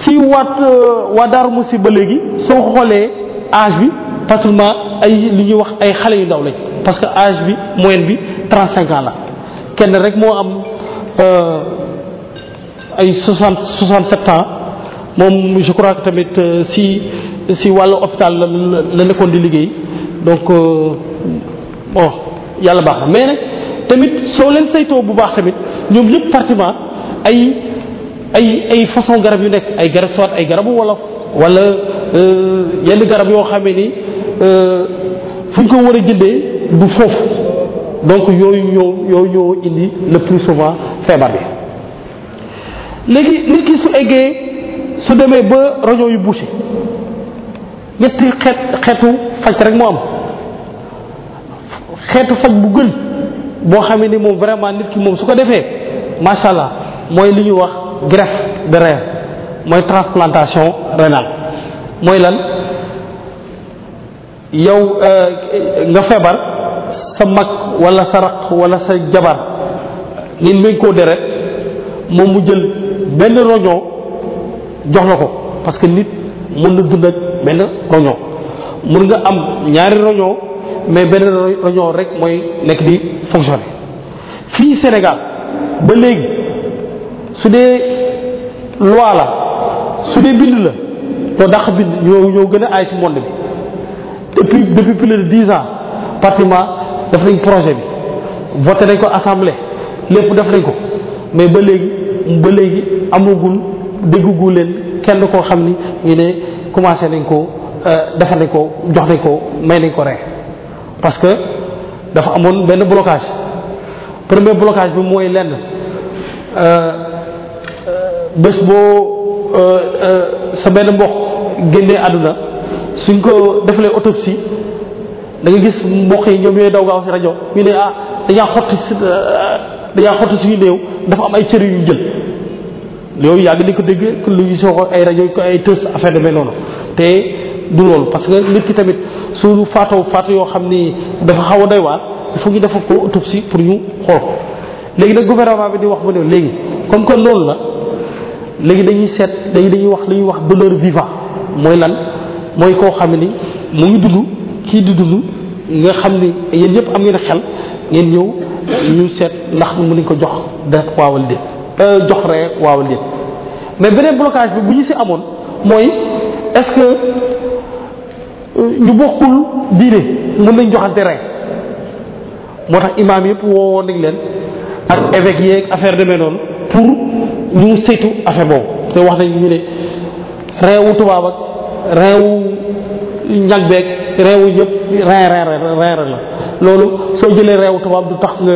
[SPEAKER 3] si waat euh, waa Darou Mousty ba léegi soo xoolee âge bi pratiquement ay li ñuy wax ay xale yu ndaw lañ parce que âge bi moyenne bi trente cinq la kenn rek moo am euh, ay soixante soixante sept ans moom je crois tamit euh, si si wàllu hôpital la la nekkoon di liggéey donc bon yàlla baax na mais nag tamit soo leen saytoo bu baax tamit ñoom ñëpp pratiquement ay. ay ay façon garab yu nekk ay garab soit ay garabu wolof wala euh, yenn garab yoo xamee ni euh, fu ñu ko war a jëndee du foofu donc yooyu ñoo yooyu ñoo indi le plus souvent feebar bi léegi nit ki su eggee su demee ba roño yu bouché ñetti xeet xeetu faj rek moo am xeetu faj bu gën boo xamee ni moom vraiment nit ki moom su ko defee macha allah mooy li ñu wax greffe de rein mooy transplantation rénale mooy lan yow euh, nga feebar sa mag wala sa raq wala sa jabar nit mi koo deret moom mu jël benn roñoo jox la ko parce que nit mën na dund ak benn roñoo mën nga am ñaari roñoo mais benn roñoo rek mooy nekk di fonctionner fii Sénégal ba léegi su dee loi la su dee bind la ñoo dax bind ñoo ñoo gën a aay ci monde bi depuis depuis plus de dix ans pratiquement def nañ projet bi voté nañ ko assemblée lépp def nañ ko mais ba léegi ba léegi amagul déggugu leen kenn koo xam ni ñu commencé nañ ko euh, defar ko jox nañ ko may nañ ko rek parce que dafa amoon benn blocage premier blocage bi mooy lenn. Euh, bés boo euh, euh, sa benn mboq génnee àdduna suñ ko defalee autopsie da gis mboq yi ñoom ñooy daw gaaw si rajo ñu ne ah dañaa xotti euh, dañaa xotti suñu néew dafa am ay cër yu ñu jël yooyu yàgg di ko dégg lu soo ko ay rajo ko ay tës affaire demee noonu te du loolu parce que nit ki tamit su faatoo faatu yoo xam ni dafa xaw a doy waar il faut ñu defal ko autopsie pour ñu xool léegi nag gouvernement bi di wax ba ne léegi kon kon loolu la. léegi dañuy seet léegi dañuy wax li ñuy wax douleur vivant mooy lan mooy koo xam ni mu ngi dund kii di dund nga xam ni yéen ñëpp am ngeen xel ngeen ñëw ñu seet ndax mën nañ ko jox deret waawal déet euh, jox ree waawal déet mais beneen blocage bi bu ñu si amoon mooy est-ce que ñu bokkul diine mën nañ joxante ree moo tax imaam yëpp woowoon nañ leen ak évêque yeeg affaire demee noonu pour ñu ngi saytu affaire boobu te wax nañ ñu ne réewu tubaab ak réewu ñag beeg réewu yëpp rein rein rein la loolu soo jëlee réewu tubaab du tax nga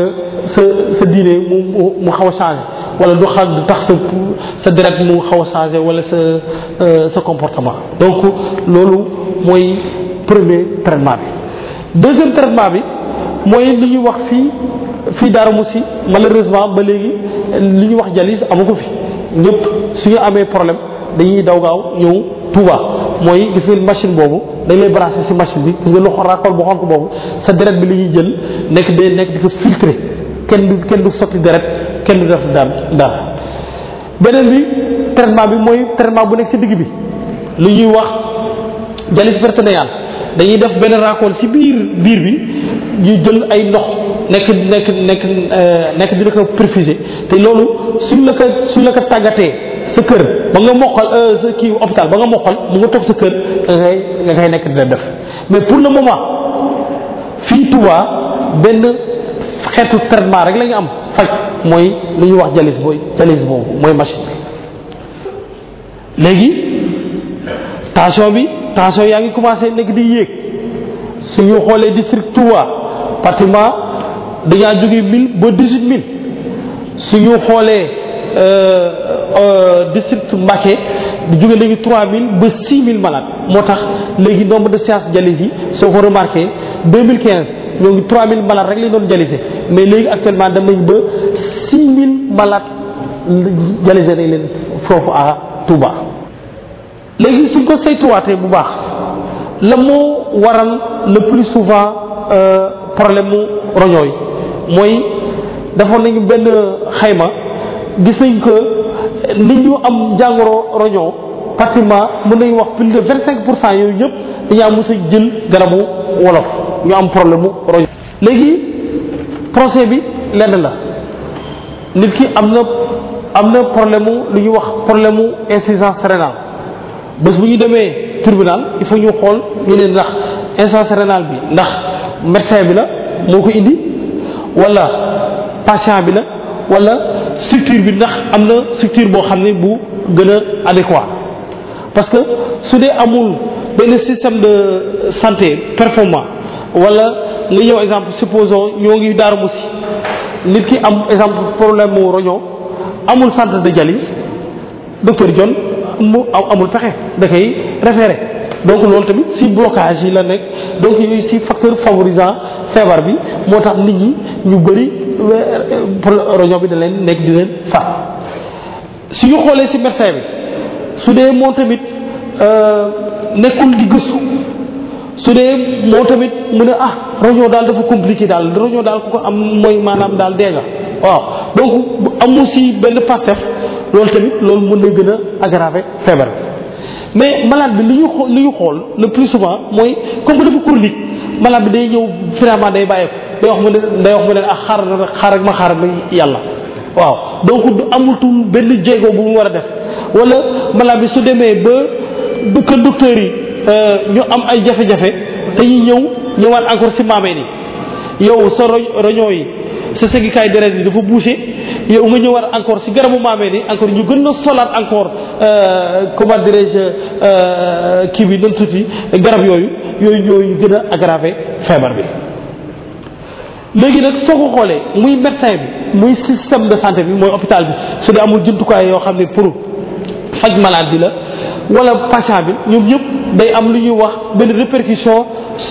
[SPEAKER 3] sa sa diine mu mu xaw a changé wala du xaw du tax sa sa mu xaw a changé wala sa euh, sa comportement donc loolu mooy premier traitement bi deuxième traitement bi mooy li ñuy wax fii fii Darou Moussi malheureusement ba léegi li ñuy wax jalis amu ko fi ñëpp su ñu amee problème dañuy daw gaaw ñëw Touba mooy gis ngeen machine boobu dañ lay branché si machine bi gis nga lu raakool bu xonk boobu sa deret bi li ñuy jël nekk day nekk di ko filtré kenn du kenn du sotti deret kenn du def daan daan beneen bi traitement bi mooy traitement bu nekk si digg bi li ñuy wax jalis peritonéal dañuy def beneen raakool ci biir biir bi ñuy jël ay ndox nekk nekk nekk euh, nekk di ko perfusé te loolu suñ la ko suñ la ko tàggatee sa kër ba nga mokkal euh, sa kii hôpital ba nga mokkal mu nga toog sa kër nga koy nekk di la def mais pour le moment fii Touba benn xeetu traitement rek la am faj mooy lu ñuy wax jalis booy jalis boobu mooy machine bi léegi tension bi tension yaa ngi commencé nekk di yéeg suñu xoolee district Touba pratiquement dañaa jógee mille ba dix-huit mille suñu xoolee euh, euh, district Mbacké jóge léegi trois mille ba six mille malades moo tax léegi nombre de séances dialyse yi soo ko remarqué deux mille quinze ñoo ngi trois mille malades rek lañ doon dialysé mais léegi actuellement dem nañ ba six mil malaat dialysé nañ leen foofu à Touba. léegi suñ ko saytuwaatee bu baax la moo waral le plus souvent euh, problème mu roñoo yi mooy defoon nañu benn xayma gis nañ que nit ñu am jàngoro roñoo pratiquement mën nañu wax plus de vingt cinq pour cent yooyu ñëpp dañu am mos jël garabu wolof ñu am problème mu roñoo léegi procès bi lenn la nit ki am na am na problème mu lu ñuy wax problème mu insuffisance rénale bés bu ñu demee tribunal il faut ñu xool ñu ne ndax insuffisance rénale bi ndax médecin bi la moo ko indi wala patient bi la wala structure bi ndax am na structure boo xam ne bu gën a adéquat parce que su dee amul benn système de santé performant wala nga ñëw exemple supposons ñoo ngi daaru musi nit ki am exemple problème mu roñoo amul centre de dialyse docteur John mu amul pexe da koy référé donc loolu tamit si blocage yi la nekk donc yooyu si facteur favorisant feebar bi moo tax nit ñi ñu bëri euh, roño bi da leen nekk di leen far su ñu xoolee si médecin bi su dee moo tamit euh, nekkul di gëstu su dee moo tamit mu ne ah roño daal dafa compliqué daal roño daal ku ko am mooy maanaam daal dee nga waaw donc amu si benn pastef loolu tamit loolu mën na gën a aggraver feebar bi mais malade bi li ñu xool lu ñu xool le plus souvent mooy comme ko dafa chronique malade bi day ñëw finalement day bàyyeeku day wax mu ne day wax mu ne ah xaaral ma xaaral ma xaaral ma yàlla waaw donc amatul benn jéego bu mu war a def wala malaat bi su demee ba que docteur yi euh, ñu am ay jafe-jafe dañuy ñëw ñëwaat encore si maamee ni yow sa roñoo yi sa sëgikaay deret yi dafa bouché. yow nga ñëwaat encore si garabu maamee ni encore ñu gën a solaat encore euh, comment dirais je euh, kii bi nan tuuti garab yooyu yooyu yooyu gën a aggravé feebar bi léegi nag soo ko xoolee muy médecin bi muy système de santé bi mooy hôpital bi su dee amul jumtukaay yoo xam ne pour faj malade bi la wala patient bi ñoom ñëpp day am lu ñuy wax benn répercussion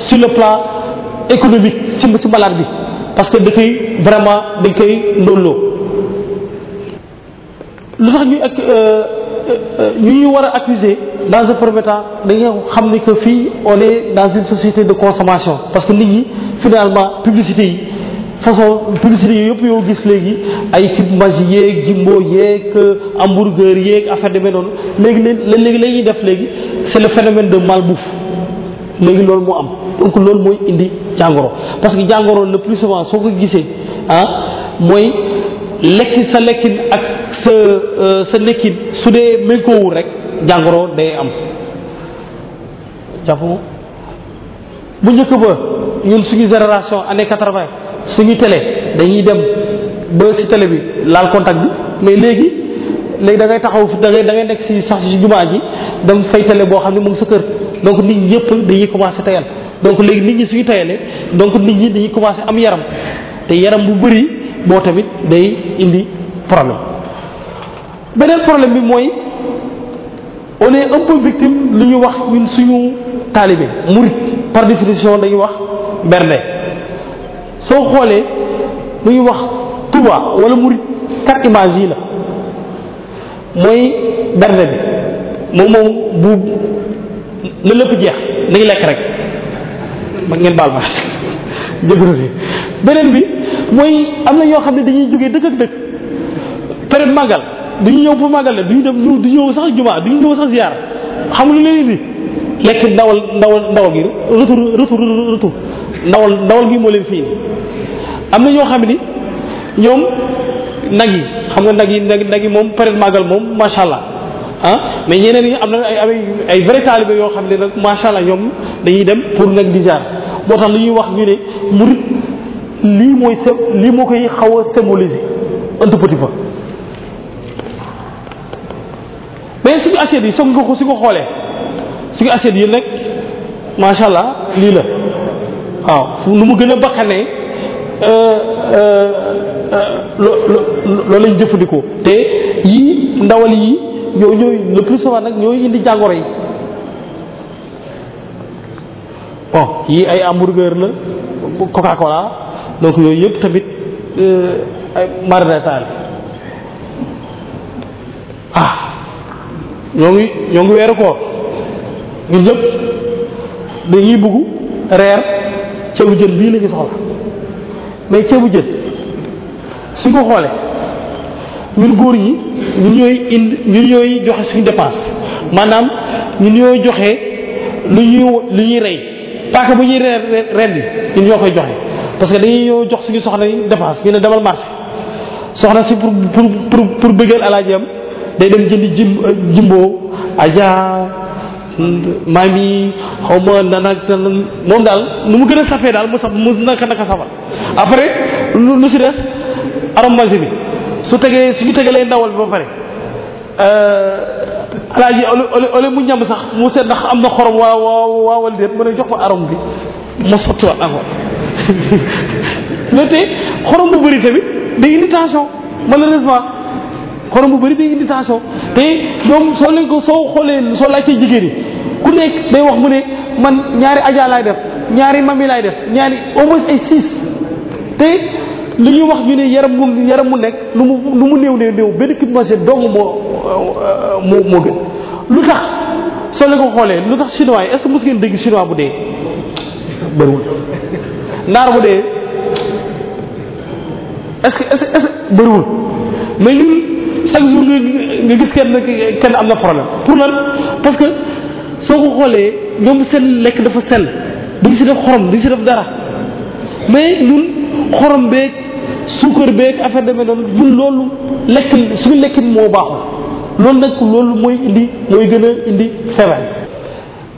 [SPEAKER 3] sur le plan économique ci ci malade bi parce que da koy vraiment dañ koy ndóolloo lu tax ñu euh, euh, euh, ñuy war a accuser dans un premier temps dañuy xam ni que fii on est dans une société de consommation parce que nit ñi finalement publicité yi façon publicité yi yëpp yoo gis léegi ay fromage yéeg jimbo yéeg hamburger yéeg affaire demee noonu léegi la léegi la ñuy def léegi c'est le phénomène de malbouffe léegi loolu moo am donc loolu mooy indi jàngoro parce que jàngoro le plus souvent soo ko gisee ah, mooy lekki sa lekkin ak sa euh, sa nekkin su dee méngoowul rek jàngoro day am jafu bu njëkk ba ñun suñu génération année quatre-vingt suñu télé dañuy dem ba si télé bi laal contact bi mais léegi léegi da ngay taxaw da ngay da ngay nekk si sax si jumaa ji dem fay télé boo xam ne mu ngi sa kër donc nit ñi ñëpp dañuy commencé tayal donc léegi nit ñi suñu tayalee donc nit ñi dañuy commencé am yaram te yaram bu bëri boo tamit day indi problème beneen problème bi mooy on est un lu ñu wax ñun suñu taalibe murit par définition dañuy wax bernde soo xoolee lu ñu wax Touba wala murit quatre images yi la mooy bernde bi moom moom bu na lépp jeex nañ lekk rek mag ngeen baal ma <laughs> jëgërëfi beneen bi mooy am na ñoo xam ne dañuy jógee dëkk ak dëkk période màggal duñ ñëw pour màggal duñ dem du ñëw sax jumaa ñu ñëw sax ziar xam lu leen indi lekk ndawal ndawal ndawal gi retour retour retour ndawal ndawal gi moo leen fi am na ñoo xam ni ñoom nag yi xam nga nag yi nag yi moom peut-être màggal moom macha allah ah mais ñeneen yi am na ay ay vrai talibé yoo xam ne nag macha allah ñoom dañuy dem pour nag di jaar moo tax lu ñuy wax ñu ne murit lii mooy lii moo koy xaw a symboliser un tout petit peu mais suñu assiette yi soo ko su ko xoolee suñu yi nag macha allah lii la waaw nu mu gën a bakkanee euh, euh, euh, loolu lañu jëfandikoo te yii ndawal yi ñoo ñooy le plus nag ñooy indi jàngoro yi bon yii ay hamburger la coca cola donc yooyu yëpp tamit ay ah ñoo ngi ñoo ngi weeru koor ñun ñëpp dañuy bugg reer ceebu jën bii la ñu soxla mais ceebu jën suñ ko xoolee ñun góor ñi ñun ñooy indi ñun ñooy joxe suñu dépense maanaam ñun ñooy joxe lu ñuy lu ñuy rey paaka bu ñuy reer rendi ñun ñoo koy joxe parce que dañuy ñëw jox suñu soxna yi dépense ñu ne demal marché soxna si pour pour pour pour bëggal alaaji day dem jëndi jim jimboo aja mami xaw ma nanak moom daal nu mu gën a safee daal mu saf mu naka naka safal après lu si des aromaginé bi su tegee suñu tegee lay ndawal bi ba pare euh, alaaji ole ole mu ñam sax mu seet ndax am na xorom waa waa waa wala déet mu ne jox ma arom bi ma sottiwaat encore léegi <laughs> xorom bu bëri tamit day indi tension malheureusement xorom bu bëri day indi tension te ñoom soo leen ko soo xoolee soo laajtee jigéen ñi ku nekk day wax mu ne man ñaari aja laay def ñaari mami lay def ñaari au ay six te li ñuy wax ñu ne yaram mu yaram mu nekk lu mu lu mu néew néew néew benn kib machine dong euh, moo moo gën lu tax soo leen ko xoolee lu tax chinois yi est-ce que mos chinois bu dee bëriwul naar bu dee est-ce que est-ce chaque jour nga gis kenn kenn am na problème pour lan parce que soo ko xoolee ñoom seen lekk dafa sell duñ si def xorom duñ si def dara mais ñun xorom beeg suukar beeg affaire demee noonu ñun loolu lekk suñu lekkin moo baaxul loolu nag loolu mooy indi mooy gën a indi feebar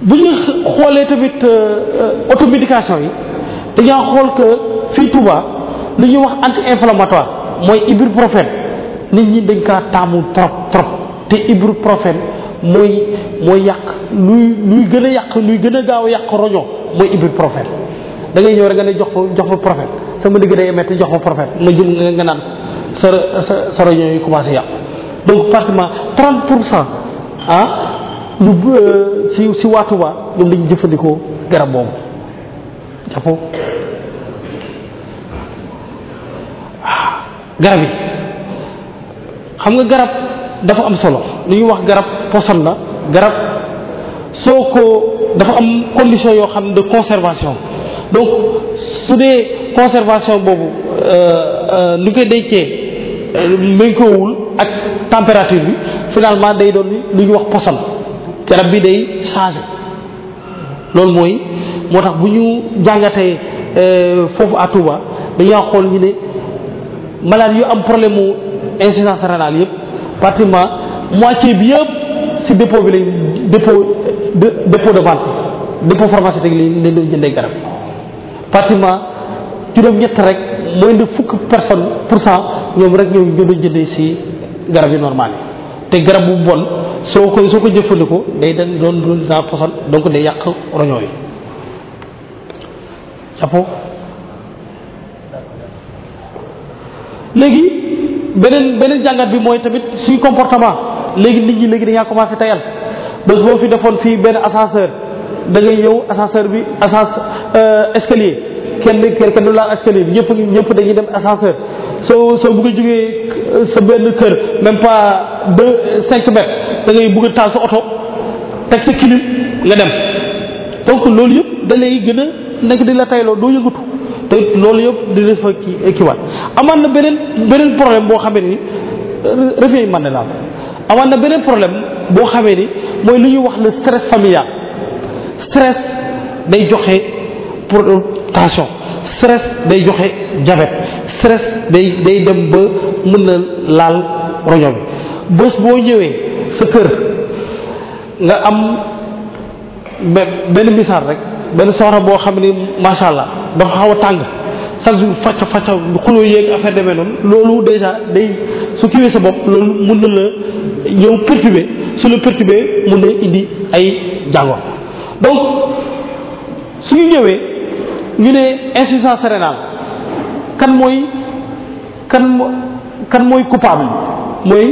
[SPEAKER 3] bu ñu xoolee tamit euh, euh, automédication yi dañaa xool que fii Touba li ñuy wax anti inflammatoire mooy ibuprofène nit ñi dañ kaa taamu trop trop te ibuprofène mooy mooy yàq luy luy gën a yàq luy gën a gaaw a yàq roño mooy ibuprofène da ngay ñëw rek nga ne jox ko jox ma profène sama digg day metti jox ma profène ma jël nga nga naan sa sa commencé yàqu donc pratiquement 30 pour cent ah lu si euh, waa Touba ñoom dañu jëfandikoo garab boobu jàppoo ah, yi. xam nga garab dafa am solo lu ñuy wax garab poson la garab soo ko dafa am condition yoo xam ne de conservation donc su dee conservation boobu euh, euh, ni koy dencee euh, méngoowul ak température bi finalement day doon lu ñuy wax poson garab bi day changer loolu mooy moo tax bu ñu jàngatee foofu à Touba dañuy xool ñu ne malade yu am problème incidence rénale yëpp pratiquement moitié bi yëpp si dépôt bi lañ dépôt dépôt de vente dépôt pharmaceutique lañ leen doon jëndee garab pratiquement juróom-ñett rek mooy indi fukk personne pour cent ñoom rek ñoom ñoo doon jëndee si garab yi normal yi te garab bu bon soo ko soo ko jëfandikoo day dañ doon doon dans poson donc day yàq roñoo yi jàppoo léegi beneen beneen jàngat bi mooy tamit suñu comportement léegi nit ñi léegi dañaa commencé tayal bés boo fi defoon fii benn ascenseur da ngay ñëw ascenseur bi ascens euh, escalier kenn kenn du laal escalier bi ñëpp ñëpp dañuy dem ascenseur soo soo bëgg a jógee euh, sa benn kër même pas deux cinq mètres da ngay bëgg a taal oto teg sa clim nga dem donc loolu yëpp da lay gën a nekk di la doo yëngatu. te loolu yëpp dina fa kii kiiwaat amaat na beneen beneen problème boo xamee ni reflet yi na laal amaat na beneen problème boo xamee ni mooy lu ñuy wax le stress familial stress day joxe pour euh, tension stress day joxe diabète stress day day dem ba mën na laal roño bi bés boo ñëwee sa kër nga am benn misaal rek. benn sawara boo xam ni macha allah dafa xaw a tàng chaque jour facca facca bu xuloo yéeg affaire demee noonu loolu dèjà day su kiwee sa bopp loolu mun na la yow perturbé su la perturbé mun na indi ay jàngoro donc suñu ñëwee ñu ne insuffisance rénale kan mooy kan moo kan mooy coupable mooy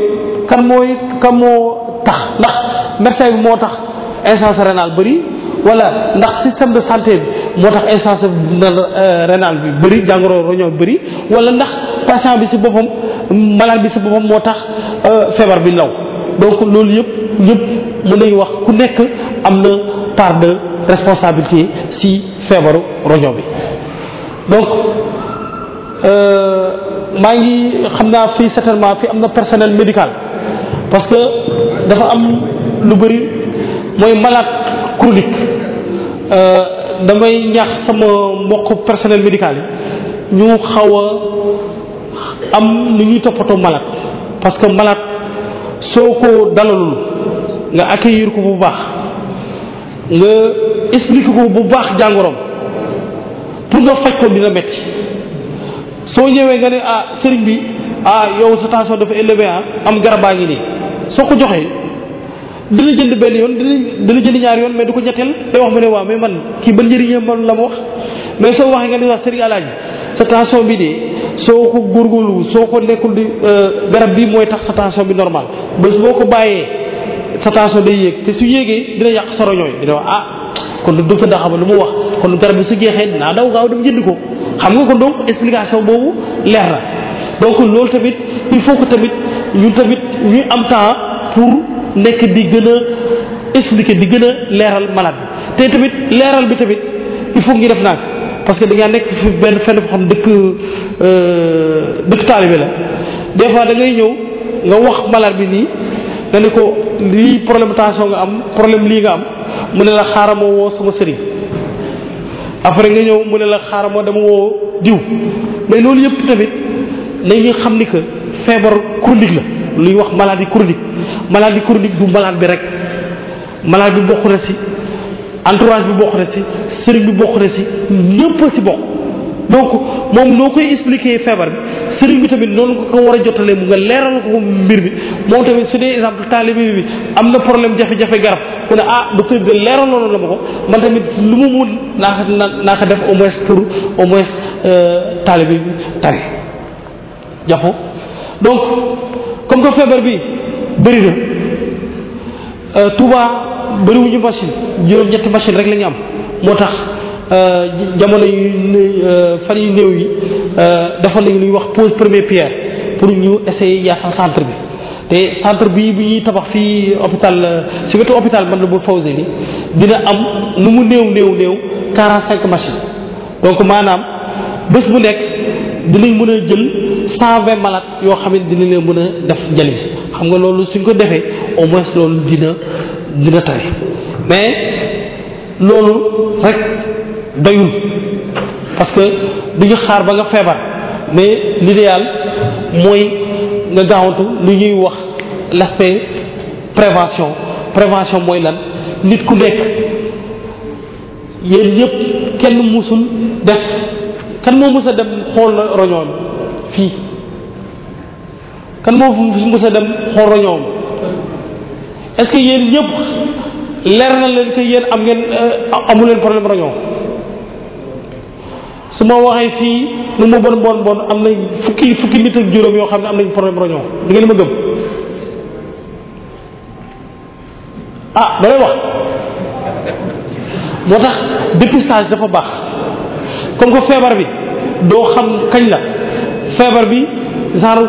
[SPEAKER 3] kan mooy kan moo tax ndax médecin bi moo tax insuffisance rénale bëri wala ndax système de santé bi moo tax insuffisance euh, rénale bi bëri jàngoro roñoo bëri wala ndax patient bi si boppam malade bi si boppam moo tax euh, feebar bi law donc loolu yëpp yëpp mën nañu wax ku nekk am na part de responsabilité ci feebaru roñoo bi donc euh, maa ngi xam naa fii certainement fii am na personnel médical parce que dafa am lu bëri mooy malade chronique Euh, damay ñax sama mbokk personnel médical yi ñu xawa am nu ñuy toppatoo malade parce que malade soo ko dalalul nga accueillir ko bu baax nga expliquer ko bu baax jàngoroom pour nga faj ko dina metti soo ñëwee nga ne ah sëriñ bi ah yow sa tension dafa élevé ah am garabaa ngi nii soo ko joxee dina jënd benn yoon dina dina jënd ñaari yoon mais du ko ñetteel te wax mu ne waaw mais man kii ba njëriñam man la ma wax mais soo waxee nga ni wax sëriñ alaaji sa tension bi de soo ko góorgóorlu soo ko nekkul di euh, garab bi mooy tax sa tension bi normal bés boo ko bàyyee sa tension day yéeg te su yéegee dina yàq sa roñooy dina wax ah kon du fa daxama lu mu wax kon garab bi su jeexee dinaa daw gaaw dem jënd ko xam nga ko donc explication boobu leer na donc loolu tamit il faut que tamit ñu tamit ñuy am temps pour nekk di gën a expliquer di gën a leeral malade bi te tamit leeral bi tamit il faut ngi def naag parce que da ngaa nekk fi benn fenn foo xam dëkk euh, dëkk la des fois da ngay ñëw nga wax malaat bi nii nga ne ko lii problème tension nga am problème lii nga am mu ne la xaaral ma woo sama sëriñ après nga ñëw mu ne la xaaral ma dama woo jiw mais loolu yëpp tamit nañu xam ni que feebar chronique la. lu ñuy wax maladie chronique maladie chronique du malade bi rek malade bi bokk na ci entourage bi bokk na ci sëriñ bi bokk na ci ñëpp ci bokk donc moom noo koy expliquer feebar bi sëriñ bi tamit noonu ko war a jotalee mu nga leeral ko mbir bi moom tamit su dee exemple taalibe bi am na problème jafe-jafe garab mu ne ah docteur bi leeral noonu la ma man tamit lu mu mun naa ko def au moins pour au moins euh, taalibe bi tari jafo donc comme que feebar bi bëri na euh, Touba bëriwuñu machine juróom-ñetti machine rek lañuy am moo tax euh, jamono yu euh, fan yu néew yi dafa nañ luy wax pose première pierre pour ñu essayer yaasal centre bi te centre bi bi ñuy tabax fii hôpital si wetu hôpital man na bu fawse ni dina am nu mu néew néew néew quarante cinq machine donc maanaam bés bu nekk dinañ mën a jël cent vingt yoo xam ne dina leen mën a def jalis xam nga loolu suñ ko defee au moins loolu dina dina tane mais loolu rek dayul parce que du ñu xaar ba nga feebar mais l'idéal mooy nga gaawantu lu ñuy wax l'aspect prévention prévention mooy lan nit ku nekk yéen ñëpp kenn musul def kan moo mës a dem xool roñoon fii kan moo fi mës a dem xool roñoom est-ce que yéen ñëpp leer na leen que yéen am ngeen euh, amu leen problème roñoo su ma waxee fii nu mu bon bon bon am nañ fukki fukki nit ak juróom yoo xam ne am nañ problème roñoo di ngeen ma gëm ah ba lay wax moo tax dépistage dafa baax comme que feebar bi doo xam kañ la feebar bi genre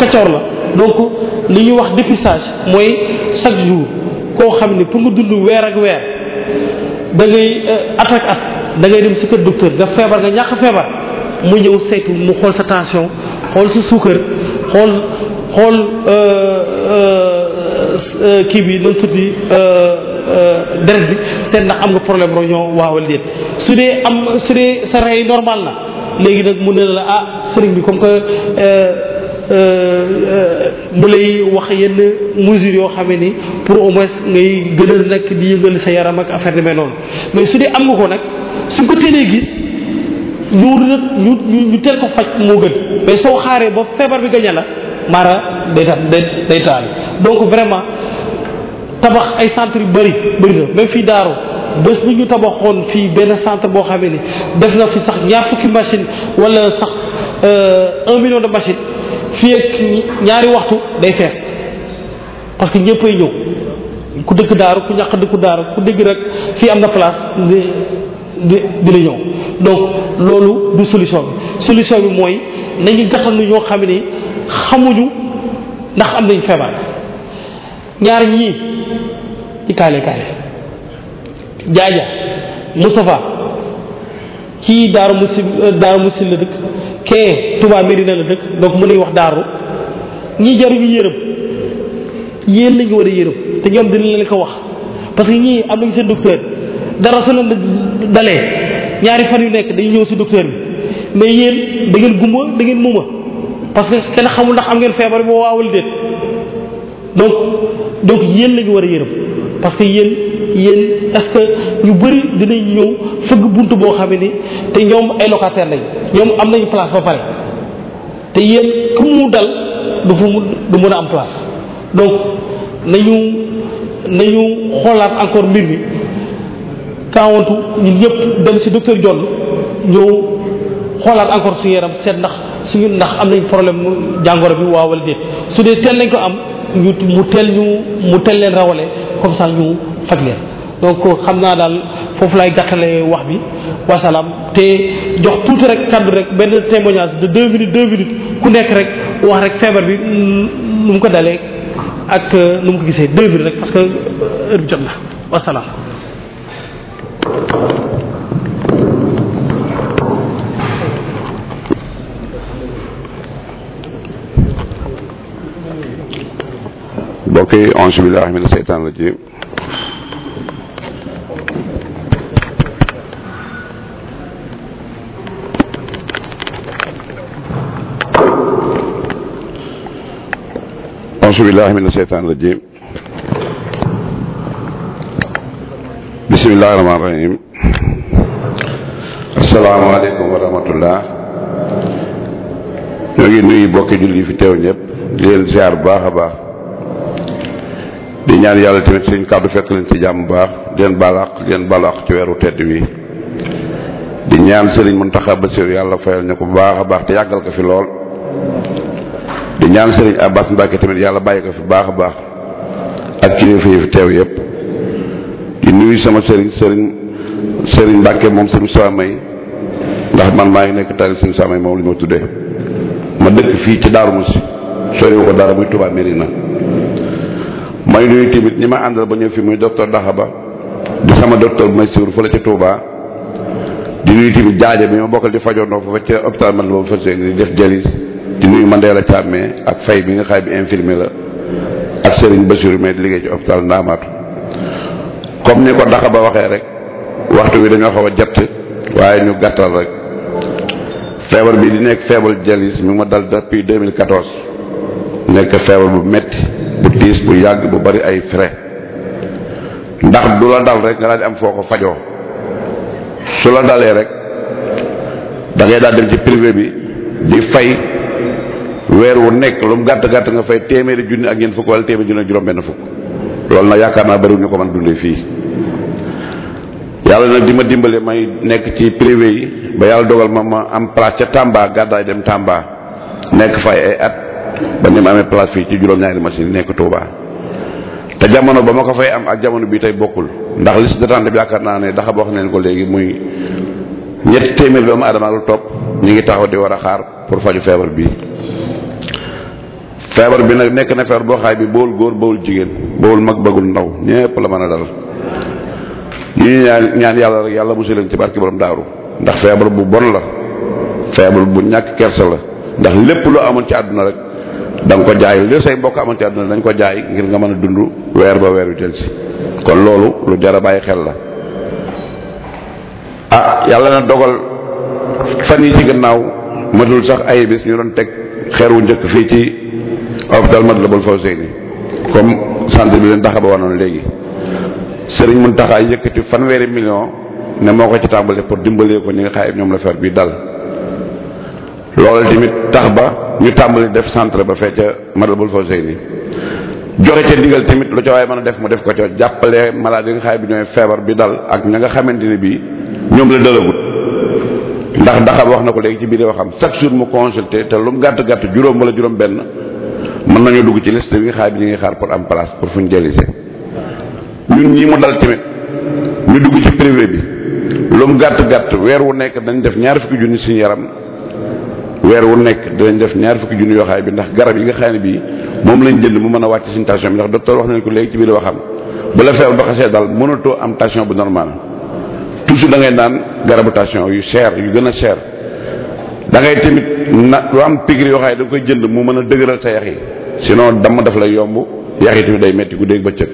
[SPEAKER 3] kacoor la donc li ñuy wax dépistage mooy chaque jour koo xam ne pour nga dund weer ak weer da ngay euh, at ak at da ngay dem si kër docteur nga feebar nga ñàkk feebar mu ñëw saytu mu xool sa tension xool sa suukar xool xool euh, euh, kii bi noonu tuuti deret bi seet ndax am nga problème roñoo waaw wala déet su dee am su dee sa rey normal na léegi nag mun ne la ah sëriñ bi comme que euh, euh, euh, mu lay wax yenn mesures yoo xam ni pour au moins ngay gën a nekk di yëngal sa yaram ak affaire demee noonu mais su dee am nga ko nag su ko teelee gis ñu ñu ñu ñu teel ko faj moo gën mais soo xaaree ba feebar bi gañe la maara day tax day day donc vraiment tabax ay centre yu bëri bëri na même fii Darou. bés bu ñu tabaxoon fii benn centre boo xamee ni def na fi sax ñaar fukki machine wala sax euh, un million de machine fii ak ñaari waxtu day fees parce que ñëppay ñëw ku dëkk daaru ku ñàq dëkku daaru ku dëgg rek fii am na place di di di ñëw donc loolu du solution bi solution bi mooy nañu gàttandu ñoo xam ni xamuñu ndax am nañ feebar ñaar ñii ci kaale kaale jaaja Moustapha kii daaru musi daaru musi la dëkk kee Touba Medina la dëkk donc mu nuy wax daaru ñii jaru ñu yërëm yéen lañu war a yërëm te ñoom dina leen ko wax parce que ñii am nañ seen docteur dara su leen dalee ñaari fan yu nekk dañu ñëw si docteur bi mais yéen da ngeen gumba da ngeen muuma parce que kenn xamul ndax am ngeen feebar bi waaw wala déet donc donc yéen lañu war a yërëm parce que yéen yéen est-ce que ñu bëri dinañ ñëw fëgg bunt boo xam ne te ñoom ay locataire lañ ñoom am nañu place ba pare te yéen ku mu dal du fa mu du mën a am place donc nañu nañu xoolaat encore mbir mi kaawantu ñun ñëpp dem si docteur John ñëw xoolaat encore suñu yaram seet ndax suñu ndax am nañ problème mu jàngoro bi waaw wala déet su dee teel nañ ko am. ñu mu teel mu tel leen rawale comme ça ñu faj leen donc xam naa daal foofu lay gàttalee wax bi wasalaam te jox tuuti rek kàddu rek benn témoignage de deux minutes deux minutes ku nekk rek wax rek feebar bi nu mu ko dalee ak euh, nu mu ko gisee deux minutes rek parce que heure bi jot na wasalaam
[SPEAKER 4] mbokk yi auzu billaahi mina seytaani rajiim auzu billaahi mina seytaani rajiim bismillaahi rahmaani rahiim assalaamu aleykum wa ñoo ngi nuyu bokki julli fi teew ñëpp di leen ziar bu baax a baax di ñaan yàlla tamit suñ kàddu fekk leen ci jàmm baax di leen balaax di leen balaax ci weeru tedd wi di ñaan sëriñ Muntaxa Basiru yàlla fayal ñu ko bu baax a baax te yàggal ko fi lool di ñaan sëriñ Abbas Mbàkke tamit yàlla bàyyi ko fi baax a baax ak kilifa yi fi teew yépp di nuyu sama sëriñ sëriñ sëriñ Mbàkke moom suñu soamay ndax man maa ngi nekk tari suñu soamay moom li ma tuddee ma dëkk fii ci Daaru Musi soriwu ko dara muy Tuubaa Mérina may nuyu tamit ñi ma àndal ba ñëw fi muy docteur Daxaba di sama docteur bu may suur fële ca Touba di nuyu tamit jaaja bi ma bokkal di fajondoo foofa ca hôpital man boobu fas di def jalis di nuyu Mandela Thiamé ak fay bi nga xay bi infirmier la ak ba Bassirou mais di liggéey ci hôpital Ndaamaatu comme ni ko ba waxee rek waxtu wi dañoo xaw a jàtt waaye ñu gàttal rek feebar bi di nekk feebar jalis mi ma dal depuis 2014 nekk feebar bu metti bu tiis bu yàgg bu bari ay frais ndax du la dal rek nga daal am foo ko fajoo su rek da daal dem ci privé bi di fay weer wu nekk lu mu gàtt gàtt nga fay téeméeri junni ak ñeent fukk wala téeméeri junni ak juróom-benn fukk loolu nag yaakaar naa bariwul ñu ko mën dundee fii yàlla nag di ma dimbale may nekk ci privé yi ba yàlla dogal ma ma am place ca Tamba gàddaay dem Tamba nekk fay ay at. ba ni ma amee place fii ci juróom-ñaari machine nekk Touba te jamono ba ma ko fay am ak jamono bi tey bokkul ndax liste d'attente bi yaakaar naa ne daxa boo xam neen ko léegi muy ñetti téeméer bi am adama lu topp ñu ngi taxaw di war a xaar pour faju feebar bi feebar bi nag nekk na feebar boo xaay bi bawul góor bawul jigéen bawul mag bëggul ndaw ñépp la mën a dal ñu ñaan yàlla rek yàlla musul leen ci barki borom daaru ndax feebar bu bon la feebar bu ñàkk kersa la ndax lépp lu amoon ci àdduna rek da ko jaay li say mbokk amoon ci àdduna dañ ko jaay ngir nga mën a dund weer ba weer wi teel si kon loolu lu jar a bàyyi xel la ah yàlla na dogal fan yi ci naaw matul sax ay bis ñu doon teg xeer wu njëkk fii ci mat hôpital Matlaboul Fawzeyni comme centre bi leen taxa ba wanoon léegi Serigne Mountakha yëkkati fanweeri million ne moo ko ci tàmbale pour dimbalee ko ñi nga xaayib ñoom la fer bii dal loolu tamit tax ba ñu tàmbali def centre ba fee ca Matlaboul Fawzayni joxe ca ndigal tamit lu ca waaye mën a def mu def ko ca jàppale malade yi nga xam bi ñooy feebar bi dal ak ña nga xamante ne bii ñoom la dalagut ndax daxam wax na ko léegi ci biir waxam chaque jour mu consulté te lu mu gàtt gàtt juróom wala juróom benn mën nañu dugg ci liste bi nga xaar bi ñu ngi xaar pour am place pour fu ñu jëlisee ñun ñi mu dal tamit ñu dugg bi mu gàtt gàtt weer wu nekk dañ def ñaar suñu yaram weer wu nekk dinañ def ñaari fukki junni waxaay bi ndax garab yi nga xam bii moom lañ jënd mu mën a wàcc suñu tension bi ndax docteur wax nañ ko léegi ci biir waxam bu la feebar ba xasee daal mënatoo am tension bu normal toujours da ngay naan garabu tension yu cher yu gën a cher da ngay tamit na lu am pigri yoo xam ne da koy jënd mu mën a dëgëral sa yax yi sinon damm daf lay yomb yax yi tamit day metti ku ba bëccëg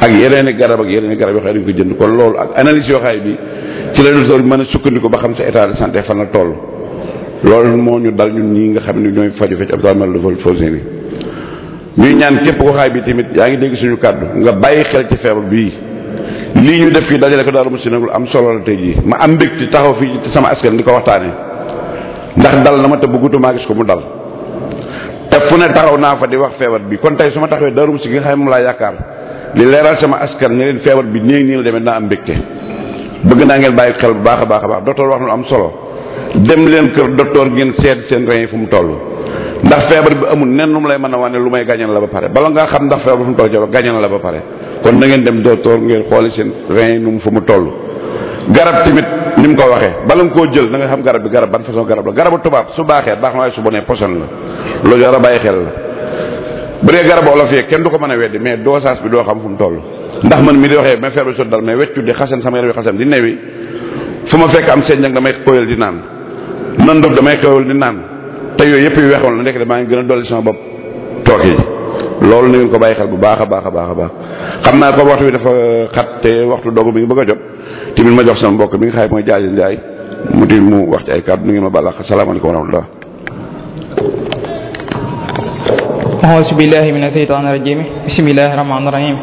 [SPEAKER 4] ak yeneen i garab ak yeneen i garab yoo jënd kon loolu ak analyse yoo xam bi ci la docteur bi a sukkandiku ba xam sa état de santé fan la toll loolu moo ñu dal ñun ñi nga xam ne ñooy faju fecc hôpital Matlaboul Fawzayni ñuy ñaan képp ko xaay bi tamit yaa ngi dégg suñu kàddu nga bàyyi xel ci feebar bii lii ñu def fii dajale ko daal mu si nagul am solo la ma am mbégte taxaw fii ci sama di ko waxtaanee ndax dal na ma te bëggutu maa gis ko mu dal te fu ne taxaw naa fa di wax feebar bi kon tey su ma taxawee darum si nga xam ne mu laay yaakaar di leeral sama askan ne leen feebar bi nii nii la demee naa am mbégte bëgg naa ngeen bàyyi xel bu baax a baax a baax docteur wax na lu am solo dem leen kër docteur ngeen seet seen rein fu mu toll ndax feebar bi amul nen nu mu lay mën a wane lu may gàññal la ba pare bala ngaa xam ndax feebar fu mu toll la ba pare kon na ngeen dem docteur ngeen xooli seen rein nu mu fu mu toll garab tamit ni mu ko waxee bala nga koo jël na nga xam garab bi garab ban façon garab la garabu tubaab su baaxee baax na waaye su bonee poson la loolu jar bàyyi xel la bu dee garabu olof yi kenn du ko mën a weddi mais dosage bi doo xam fu mu toll ndax man mi di waxee mais feebar bi sot dal mais di xasan fu ma fekk am seen njàng damay xewal di naan nan dof damay xewal di naan te yooyu yëpp yu weexoon la ndekete maa ngi gën a dolli sama bopp toog yi loolu na ngeen ko bàyyi xel bu baax a baax a baax a baax xam naa ko waxtu bi dafa xat te waxtu dogu bi ngi bëgg a jot tamit ma jox sama mbokk mi nga xay mooy jaaji njaay mu di mu wax ci ay kàddu mi ngi ma balax asalaamaaleykum wa rahmatullah
[SPEAKER 5] auzu billahi mina sheytaani rajim bismillahi rahmaani rahim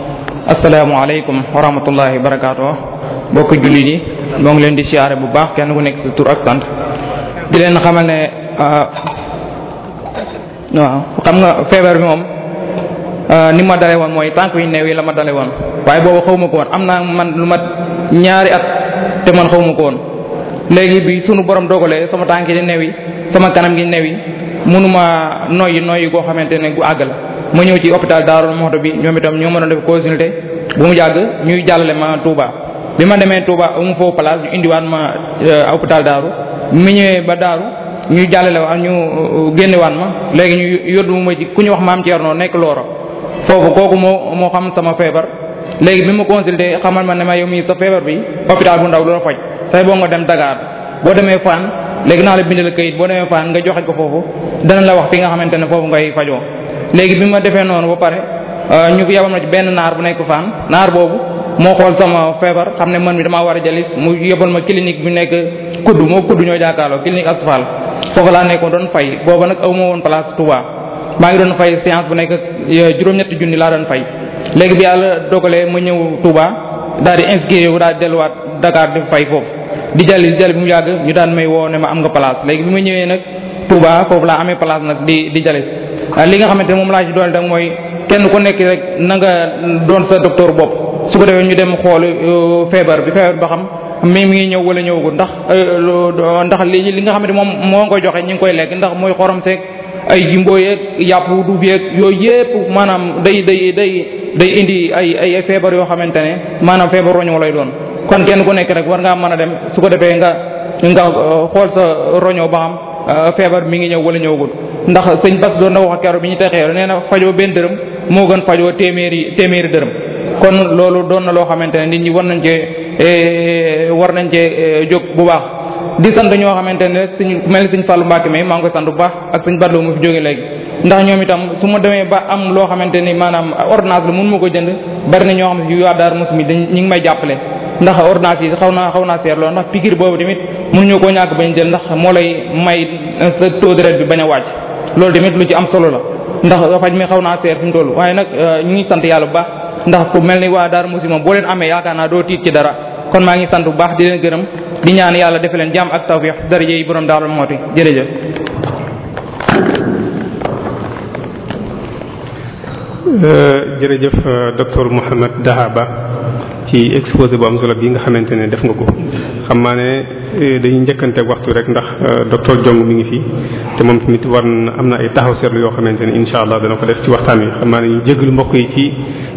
[SPEAKER 5] asalaamaaleykum wa rahmatullahi wa mbokk jullit yi moo ngi leen di siyaare bu baax kenn ku nekk tur ak sant di leen xamal ne ah, waaw xam nga feebar bi moom ah, ni ma dale woon mooy tànk yu new yi la ma dale woon waaye boobu xaw ma ko woon am naa man lu mat ñaari at te man xaw ma ko woon léegi bi sunu borom dogalee sama tànk yi néew yi sama kanam gi new yi mënuma noyyi noyyi koo xamante ne gu àgg la ma ñëw ci hôpital Darou Moukhty bi ñoom itam ñoo ma doon def consulté bu mu jàgg ñuy jàllale ma Touba bi ma demee Touba amu foofu place ñu indiwaat ma euh, hôpital Daaru mi ñëwee ba Daaru ñu jàllale wa ñu euh, génnewaat ma léegi ñu yor yóddu ma ci ku ñu wax maam Thierno nekk Looro foofu kooku moo moo xam sama feebar léegi bi ma consulté xamal ma ne ma yow mii sa feebar bi hôpital bu ndaw du la faj say boo nga dem Dakar boo demee Fann léegi naa la bindal kayit boo demee Fann nga joxe ko foofu dana la wax fi nga xamante ne foofu ngay fajoo léegi bi ma defee noonu ba pare euh, ñu yabal ma ci benn naar bu nekk Fann naar boobu moo xool sama feebar xam ne man mi damaa war a jalis mu yóbbal ma clinique bu nekk kudd moo kudd ñoo jàkkaarloo clinique asfal foofu laa nekkoon doon fay booba nag aw ma woon place Touba maa ngi doon fay séance bu nekk e, juróom-ñetti junni laa doon fay léegi bi yàlla dogalee ma ñëw Touba daal di inscrire bu daal delluwaat dakaar di fay foofu di jalis jal bi mu yàgg ñu daan may woo ne ma am nga place léegi bi ma ñëwee nag Touba foofu laa amee place nag di di jalis li nga xamante moom laa ci doon rek mooy kenn ku nekk rek na nga doon sa docteur su ko defee ñu dem xool euh, feebar bi feebar ba xam mi mu ngi ñëw wala ñëwagul ndax euh, ndax li li nga xam ne moom moo ngi koy joxe ñu ngi koy lekk ndax mooy xorom seeg ay jimbo yeeg du yeeg yooyu yépp maanaam day day day day indi ay ay feebar yoo xamante ne maanaam feebar roñoo lay doon kon kenn ku nekk rek war ngaa mën a dem su ko defee nga nga euh, xool sa roñoo ba xam feebar mi ngi ñëw wala ñëwagul ndax sëñ Bas doon na wax ak keroog bi ñu texee nee na fajoo benn dërëm moo gën fajoo téeméeri téeméeri dërëm. kon loolu doon na loo xamante ne nit ñi war nañ cee eh, war nañ cee eh, jóg bu baax di sant ñoo xamante ne rek suñu mel ni suñ Fallou Mbacke mais maa ngi ko sant bu baax ak suñ Badloo mu fi jóge léegi ndax ñoom itam su ma demee ba am loo xamante ni maanaam ordonnance la mun ma ko jënd bari na xam ne yu waa mi dañ ñu ngi may jàppale ndax ordonnance yi xaw naa xaw naa seer lool ndax boobu tamit mënuñu koo ñàkk bañ jël ndax moo lay may eh, sa taux bi bañ a loolu tamit lu ci am solo la ndax faj mi xaw naa seer fi mu waaye nag ñu sant yàlla bu baax ndax ku mel ni waa Darou Mouhty moom boo leen amee yaakaar naa doo tiit ci dara kon maa ngi sant bu baax di leen gërëm di ñaan yàlla def leen jàmm ak tawfiix daraje yi borom Darou Mouhty jërëjëf.
[SPEAKER 1] Euh, jërëjëf euh, docteur Mouhamed ba ci exposé boo am solo bi nga xamante ne def nga ko xam maa ne eh, dañuy njëkkante waxtu rek ndax eh, docteur jong mu ngi fi te moom tamit war na am na ay taxaw seetlu yoo xamante ne incha allah dana ko def ci waxtaan wi xam maa ne ñu jégalu mbokk yi ci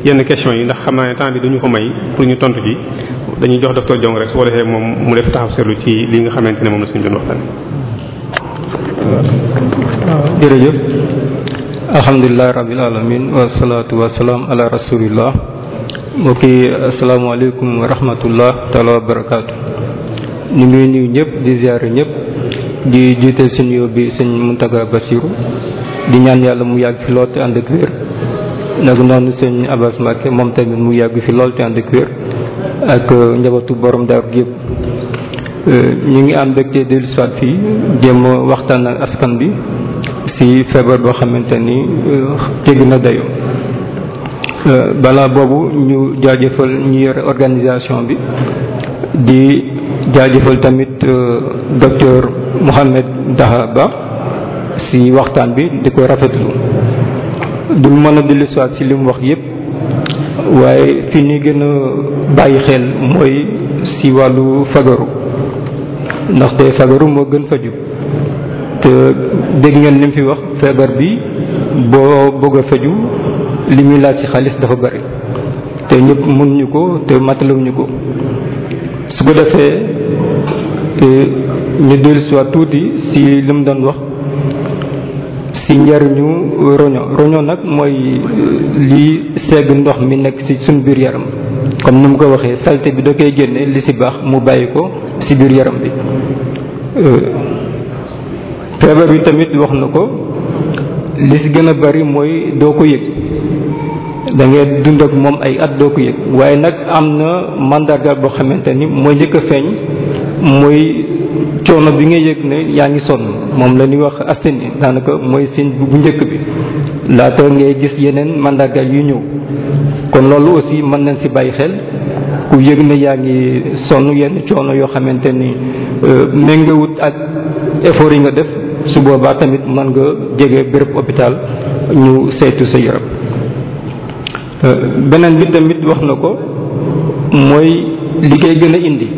[SPEAKER 1] yenn question yi ndax xam naa ne temps bi duñu ko may pour ñu tontu ji dañuy jox docteur jong rek su defee moom mu def taxaw seetlu ci li nga xamante ne moom la suñu doon waxtaan. jërëjëf alhamdulilah rabbil alamin wasalaatu
[SPEAKER 6] mbokk yi asalaamaaleykum wa rahmatullah taala wa barakaatu ñu ngi nuyu ñëpp di ziare ñëpp di jiite suñu yóbbu bi sëñ Muntaga Basiru di ñaan yàlla mu yàgg fi lool te ànd ak wér noonu sëñ Abbas Mbacke moom tamit mu yàgg fi lool te ànd ak wér ak euh, njabootu borom daaru yëpp euh, ñu ngi am mbégte dellu fii jéem waxtaan ak askan bi si feebar boo xamante ni euh, jégg na dayoo Euh, balaa boobu ñu jaajëfal ñu yore organisation bi di jaajëfal tamit euh, docteur Mohamed Daha Ba ci waxtaan bi di ko rafetlu dul mën a dellu ci li mu wax yépp waaye fi ni gën a bàyyi xel mooy ci wàllu fagaru ndaxte fagaru moo gën faju te dégg ngeen li mu fi wax feebar bi boo bëgg faju li muy laaj ci xaalis dafa bari te ñépp mën ko te matalawuñu ko su ko defee eh, ñu dellusiwaat tuuti si li mu doon wax si njariñu roño roño nag mooy eh, lii segg ndox mi nekk ci suñ biir yaram comme ni mu ko waxee salte bi da koy génne li ci baax mu bàyyi ko ci biir yaram bi eh, feebar bi tamit wax na ko li ci gën a bari mooy doo ko yëg da ngay dund ak moom ay at doo ko yëg waaye nag am na mandarga boo xamante ni mooy njëkk a feeñ mooy coono bi ngay yëg ne yaa ngi sonn moom la ñuy wax astini daanaka mooy signe bu njëkk bi laata ngay gis yeneen mandarga yu ñëw kon loolu aussi mën nañ ci bàyyi xel ku yëg ne yaa ngi sonn yenn coono yoo xamante ni euh, méngawut ak effort yi nga def su boobaa tamit mën nga jege béréb hôpital ñu saytu sa yaram beneen bi tamit wax na ko mooy li koy gën a indi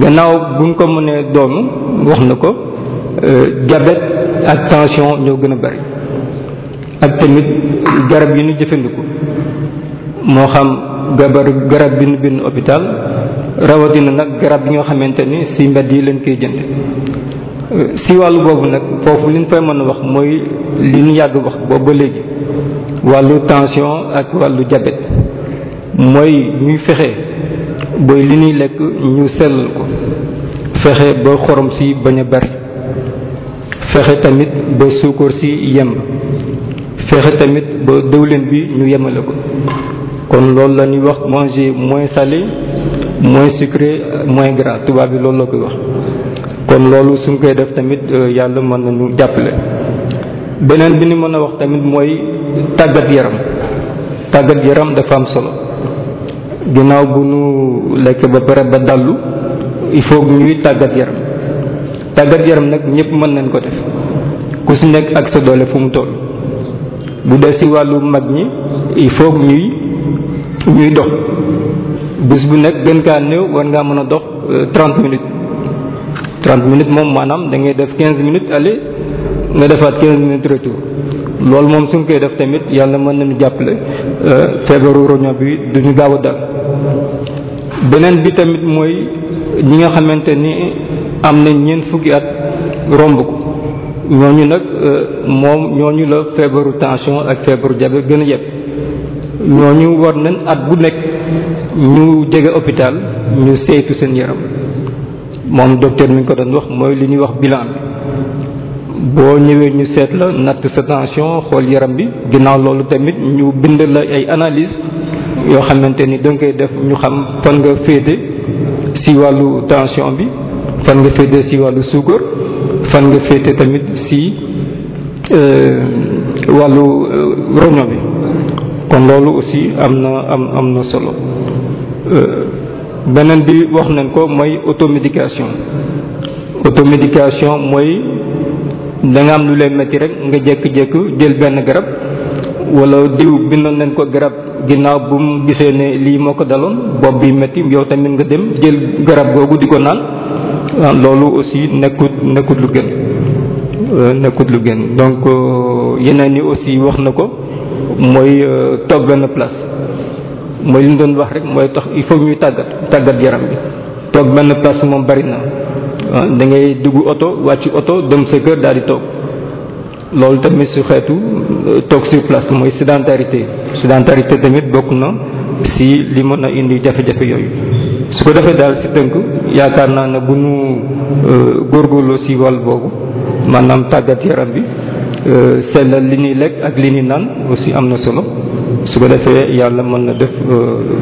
[SPEAKER 6] gannaaw buñ ko mënee doonu wax na ko euh, diabète ak tension ñoo gën a bari ak tamit garab yi nu jëfandiku moo xam gabar garab bi ñu bind hôpital rawatina nag garab bi nga xamante ni si mbedd yi lañ koy jënd ci euh, wàllu boobu nag foofu li ñu fay mën a wax mooy li nu yàgg wax boobu ba léegi wàllu tension ak wàllu diabète mooy ñuy fexe ba li ñuy lekk ñu sellal ko fexe ba xorom si bañ a bari fexe tamit ba suukar si yem fexe tamit ba dëwlin bi ñu yemale ko kon loolu la ñuy wax manger moins salé moins sucré moins gras tubaab bi loolu la koy wax kon loolu suñ koy def tamit euh, yàlla mën nañu jàppale beneen bi ñu mën a wax tamit mooy tàggat yaram tàggat yaram dafa am solo ginnaaw bu nu lekk ba pare ba dallu il faut ñuy tàggat yaram tàggat yaram nag ñëpp mën nañ ko def ku si nekk ak sa doole fu mu toll bu dee ci wàllu mag ñi il faut ñuy ñuy dox bés bu nekk gën kaa néew war ngaa mën a dox euh, trente minutes trente minute moom maanaam da ngay def quinze minutes aller nga defaat quinze minutes retour loolu moom suñ koy def tamit yàlla mën nañu jàppale euh, feebaru roño bi duñu gaaw a dal beneen bi tamit mooy ñi nga xamante ni am nañ ñeent fukki at romb ko ñu nag euh, moom ñooñu la feebaru tension ak feebaru diabète gën a ñoo ñooñu war nañ at bu nekk ñu jege hôpital ñu seytu seen yaram moom docteur mi ñu ko doon wax mooy li ñuy wax bilan bi boo ñëwee ñu seet la natt sa tension xool yaram bi ginnaaw loolu tamit ñu bind la ay analyse yoo xamante ni danga koy def ñu xam fan nga féete ci wàllu tension bi fan nga féete si wàllu suukar fan nga féete tamit si euh, wàllu euh, roño bi kon loolu aussi am na am am na solo euh, beneen bi wax nañ ko mooy automédication automédication mooy da nga am lu lay metti rek nga jékki-jékki jël benn garab wala diw bindoon nañ ko garab ginnaaw bu mu gisee ne lii moo ko daloon bopp bi metti yow tamit nga dem jël garab googu di ko naan ah, loolu aussi nekkut nekkut lu gën euh, nekkut lu gën donc euh, yeneen yi aussi wax na ko mooy euh, togg benn place mooy li doon wax rek mooy tax il faut ñuy tàggat tàggat yaram bi toog benn place moom bari na Ah, da ngay dugg oto wàcc oto dem sa kër daal di toog loolu tamit su xeetu euh, toog sur place mooy sédentarité sédentarité tamit bokk na si li mën a indi jafe-jafe yooyu su ko defee daal si tënk yaakaar naa ne bu nu euh, góorgóorloo ci wàll boobu maanaam tàggat yaram bi euh, sellal li ñuy lekk ak li ñuy naan aussi am na solo su ko defee yàlla mën na def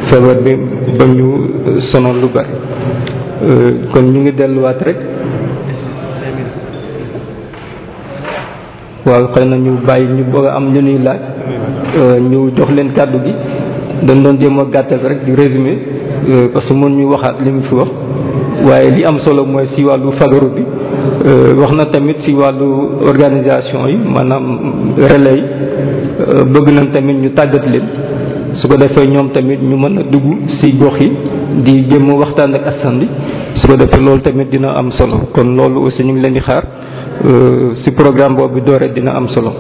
[SPEAKER 6] feebar bi ba ñu sonal lu bari Euh, kon ñu ngi delluwaat rek waaw xëy na ñu bàyyi ñu bëgg am ñu ñuy laaj euh, ñu jox leen kàddu gi dañ doon jéem a gàttal rek di résumé euh, parce que mën ñu waxaat li mu fi wax waaye li am solo mooy si wàllu fagaru bi wax na tamit si wàllu organisation yi maanaam relais yi bëgg nañ tamit ñu tàggat leen su ko defee ñoom tamit ñu mën a dugg ci gox yi di jéem waxtaan ak askan bi su ko defee loolu tamit dina am solo kon loolu aussi ñu ngi leen di xaar euh, si programme boobu doore dina am solo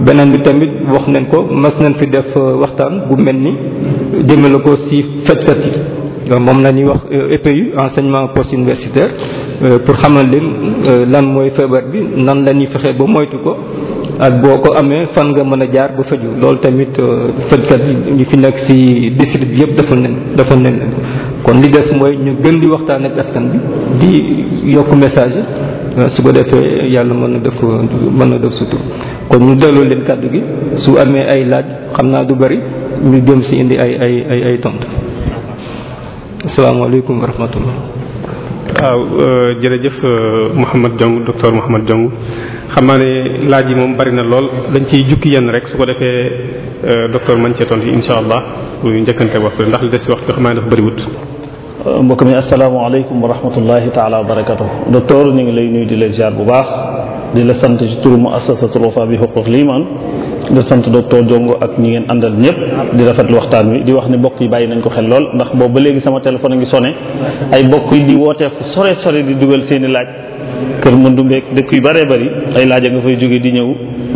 [SPEAKER 6] beneen bi tamit wax nañ ko mas nañ fi def euh, waxtaan bu mel ni jëmale ko si fajkat yi moom la ñuy wax EPU euh, e enseignement post universitaire pour xamal leen lan mooy feebar bi nan la ñuy fexe ba moytu ko ak boo ko amee fan nga mën a jaar ba faju loolu tamit euh, fajkat ñu fi nekk ci district bi yëpp dafa nen dafa nen kon li des mooy ñu gën di waxtaan ak askan bi di yokk message euh, su ko defee yàlla mën na def mën na def sutur kon ñu delloo leen kàddu gi su amee ay laaj xam naa du bari ñu jëm ci indi ay
[SPEAKER 1] ay ay ay tontu asalaamaaleykum wa rahmatullah waaw euh, jërëjëf Mouhamed Diong docteur Mouhamed Diong xam naa ne laaj yi moom bari na lool dañ ciy jukki yenn rek su ko defee euh, docteur man cee tontu yi insha allah pour ñu njëkkante waxtu ndax li des si waxtu xam naa dafa bëriwut.
[SPEAKER 7] Euh, mbokk mi asalaamaaleykum wa rahmatullahi taala wa barakatu docteur ñu ngi lay nuyu di la ziar bu baax di la sant ci turu muassasatul wafa bi xuquq liman di sant docteur Jongo ak ñi ngeen àndal ñëpp di rafetlu waxtaan wi di wax ni mbokk yi bàyyi nañ ko xel lool ndax boobu ba léegi sama téléphone a ngi sone ay mbokk yi di wooteeku sore sore di dugal seeni laaj. kër Mandumbeeg dëkk yu bëree bari ay laaj nga fay jóge di ñëw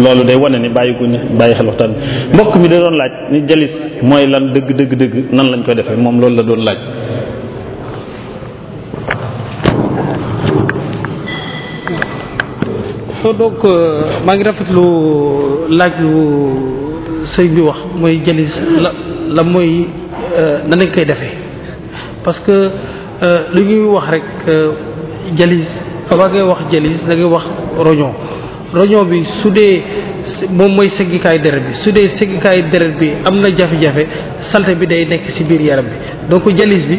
[SPEAKER 7] loolu day wane ni bàyyi ko ñu bàyyi xel waxtaan mbokk mi da doon laaj ni jalis mooy lan dëgg dëgg dëgg nan lañ koy defee moom loolu la doon laaj.
[SPEAKER 3] soo donc euh, maa ngi rafetlu laaj lu sëñ bi wax mooy jalis la la mooy euh, nan lañ koy defe parce que euh, lu ñuy wax rek jalis. ba ngay wax jëlis da ngay wax roño roño bi su dee moom mooy sëggikaay deret bi su dee sëggikaay deret bi am na jafe-jafe salte bi day nekk ci biir yaram bi donc jalis bi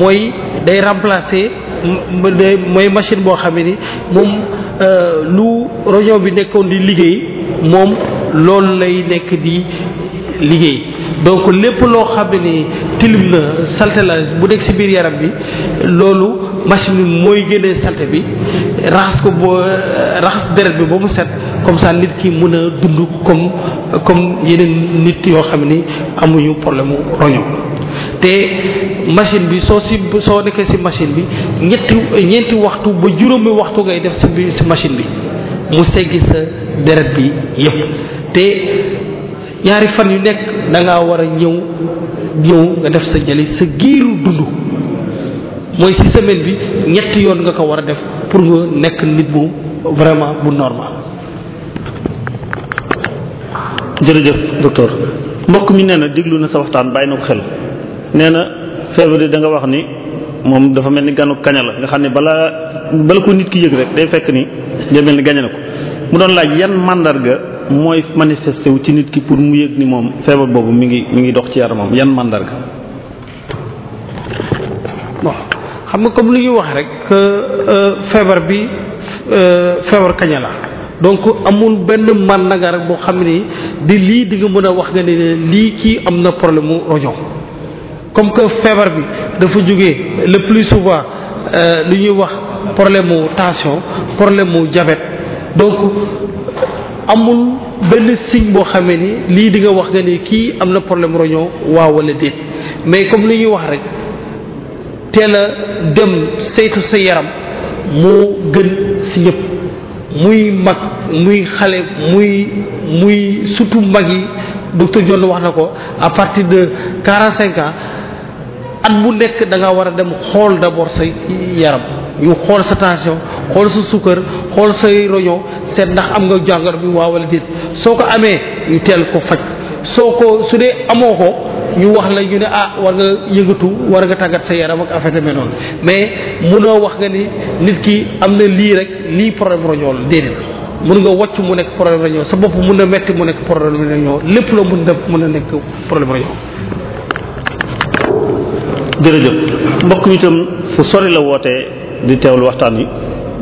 [SPEAKER 3] mooy day remplacer mooy machine boo xam ni moom euh, lu roño bi nekkoon di liggéey moom loolu lay nekk di liggéey donc lépp loo xam ni tilim la salte la bu nekk si biir yaram bi loolu machine bi mooy génnee salte bi raxas ko boo raxas deret bi ba mu set comme ça nit ki mën a dund comme comme yeneen nit yoo xam ni amuñu problème mu te machine bi soo si soo nekkee si machine bi ñetti ñeenti waxtu ba juróomi waxtu ngay def si biir si machine bi mu seggi sa deret bi yépp te ñaari fan yu nekk da war a ñëw ñëw nga def sa jëli sa giiru dund mooy ci semaine bi ñetti yoon nga ko war a def pour nga nekk nit bu vraiment bu normal
[SPEAKER 7] jërëjëf docteur mbokk mi nee na déglu na sa waxtaan bàyyi na ko xel nee na feebar da nga wax ni moom dafa mel ni ganu kaña la nga xam ne balaa bala ko nit ki yëg rek day fekk ni day mel ni gañe na ko mu doon laaj yan màndarga mooy manifesté wu ci nit ki pour mu yëg ni moom feebar boobu mu ngi mu ngi dox ci yaramam yan màndarga.
[SPEAKER 3] bon xam nga comme li ñuy wax rek euh, feebar bi euh, feebar kaña la donc amul benn màndarga rek boo xam ni di lii di mën a wax nga ni lii kii am na problème mu roño comme que feebar bi dafa jógee le plus souvent euh, lu ñuy wax problème mu tension problème mu diabète amul benn signe boo xamee ni lii di nga wax nga ne kii am na problème roñoo waaw wala déet mais comme li ñuy wax rek teel a dem saytu sa yaram moo gën si ñëpp muy mag muy xale muy muy surtout mag yi docteur John wax na ko à partir de quarante cinq ans at bu nekk da nga war a dem xool d'abord sa yaram ñu xool sa tension xool sa sukkar xool say roño seet ndax am nga jàngaro bi waaw wala déet soo ko amee ñu teel ko faj soo ko su dee amoo ko ñu wax la ne ah war nga yëngatu war nga tàggat sa yaram ak affaire demee noonu mais munoo wax nga ni nit ki am na lii rek lii problème roño la déedéet mun nga wàcc mu nekk problème roño sa bopp mun na metti mu nekk problème roño lépp la mun na mun na nekk problème roño
[SPEAKER 7] jërëjëf mbokk yi itam fu sori la wootee di teewlu waxtaan wi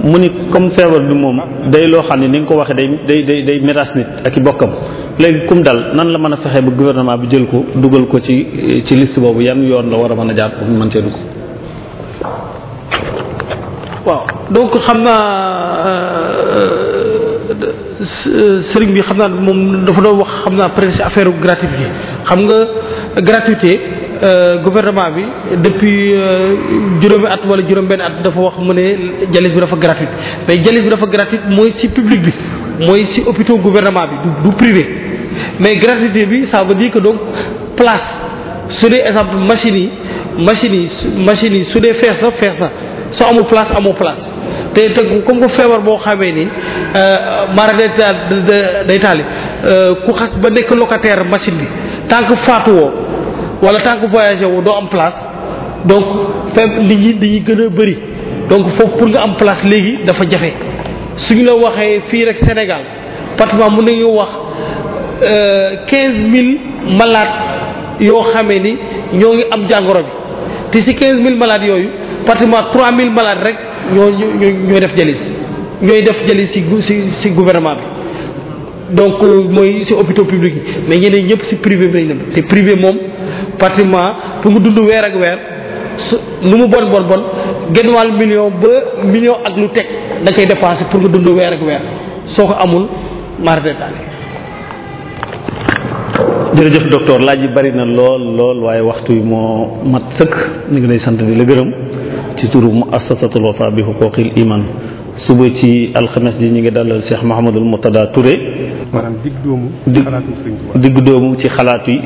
[SPEAKER 7] mu ni comme feebar bi moom day loo xam ne ni nga ko waxee day day day day menace nit ak i bokkam léegi kum dal nan la mën a fexee ba gouvernement bi jël ko dugal ko ci ci liste boobu yan yoon la war a mën a jaar pour mën cee dugg.
[SPEAKER 3] waaw donc xam naa euh, sëriñ bi xam naa moom dafa doon wax xam naa peut-être affaire gratuite bi xam nga gratuité. Euh, gouvernement bi depuis euh, juróomi at wala juróom benn at dafa wax mu ne dialyse bi dafa gratuite mais dialyse bi dafa gratuite mooy ci public bi mooy ci hôpitaux gouvernement bi du privé mais gratuité bi ça veut dire que donc place su dee exemple machine yi machine yi machine yi su dee fees na fees na soo amul place amoo place te te comme ko feebar boo xamee ni euh, mara day taal day taali ku xas ba nekk locataire machine bi tant que faatuwoo wala tant que voyagé wu doo am place donc feeb nit ñi dañuy gën a bëri donc foofu pour nga am place léegi dafa jafe suñu la waxee fii rek Sénégal pratiquement mun nañu wax euh, quinze mille malaat yoo xamee ni ñoo ngi am jàngoro bi te ci quinze mille malaat yooyu pratiquement trois mille malades rek ñoo ñooy def jalis ñooy def jalis si si si gouvernement bi donc mooy si hôpitaux publics yi mais ñeneen ñëpp si privé bi lañ dem te privé moom pratiquement pour nga dund weer ak weer su lu mu bon bon bon genn wàll million ba million ak lu teg da koy dépensé pour nga dund weer ak weer soo ko amul mara détaillé.
[SPEAKER 7] jërëjëf docteur laaj yi bari na lool lool waaye waxtu yi moo mat sëkk ñu ngi lay sant di la gërëm ci turu mu assasatul wafa bi ci alxames ji ñu ngi dalal Cheikh Mahamadul Murtada Touré. maanaam digg doomu. ci xalaat yi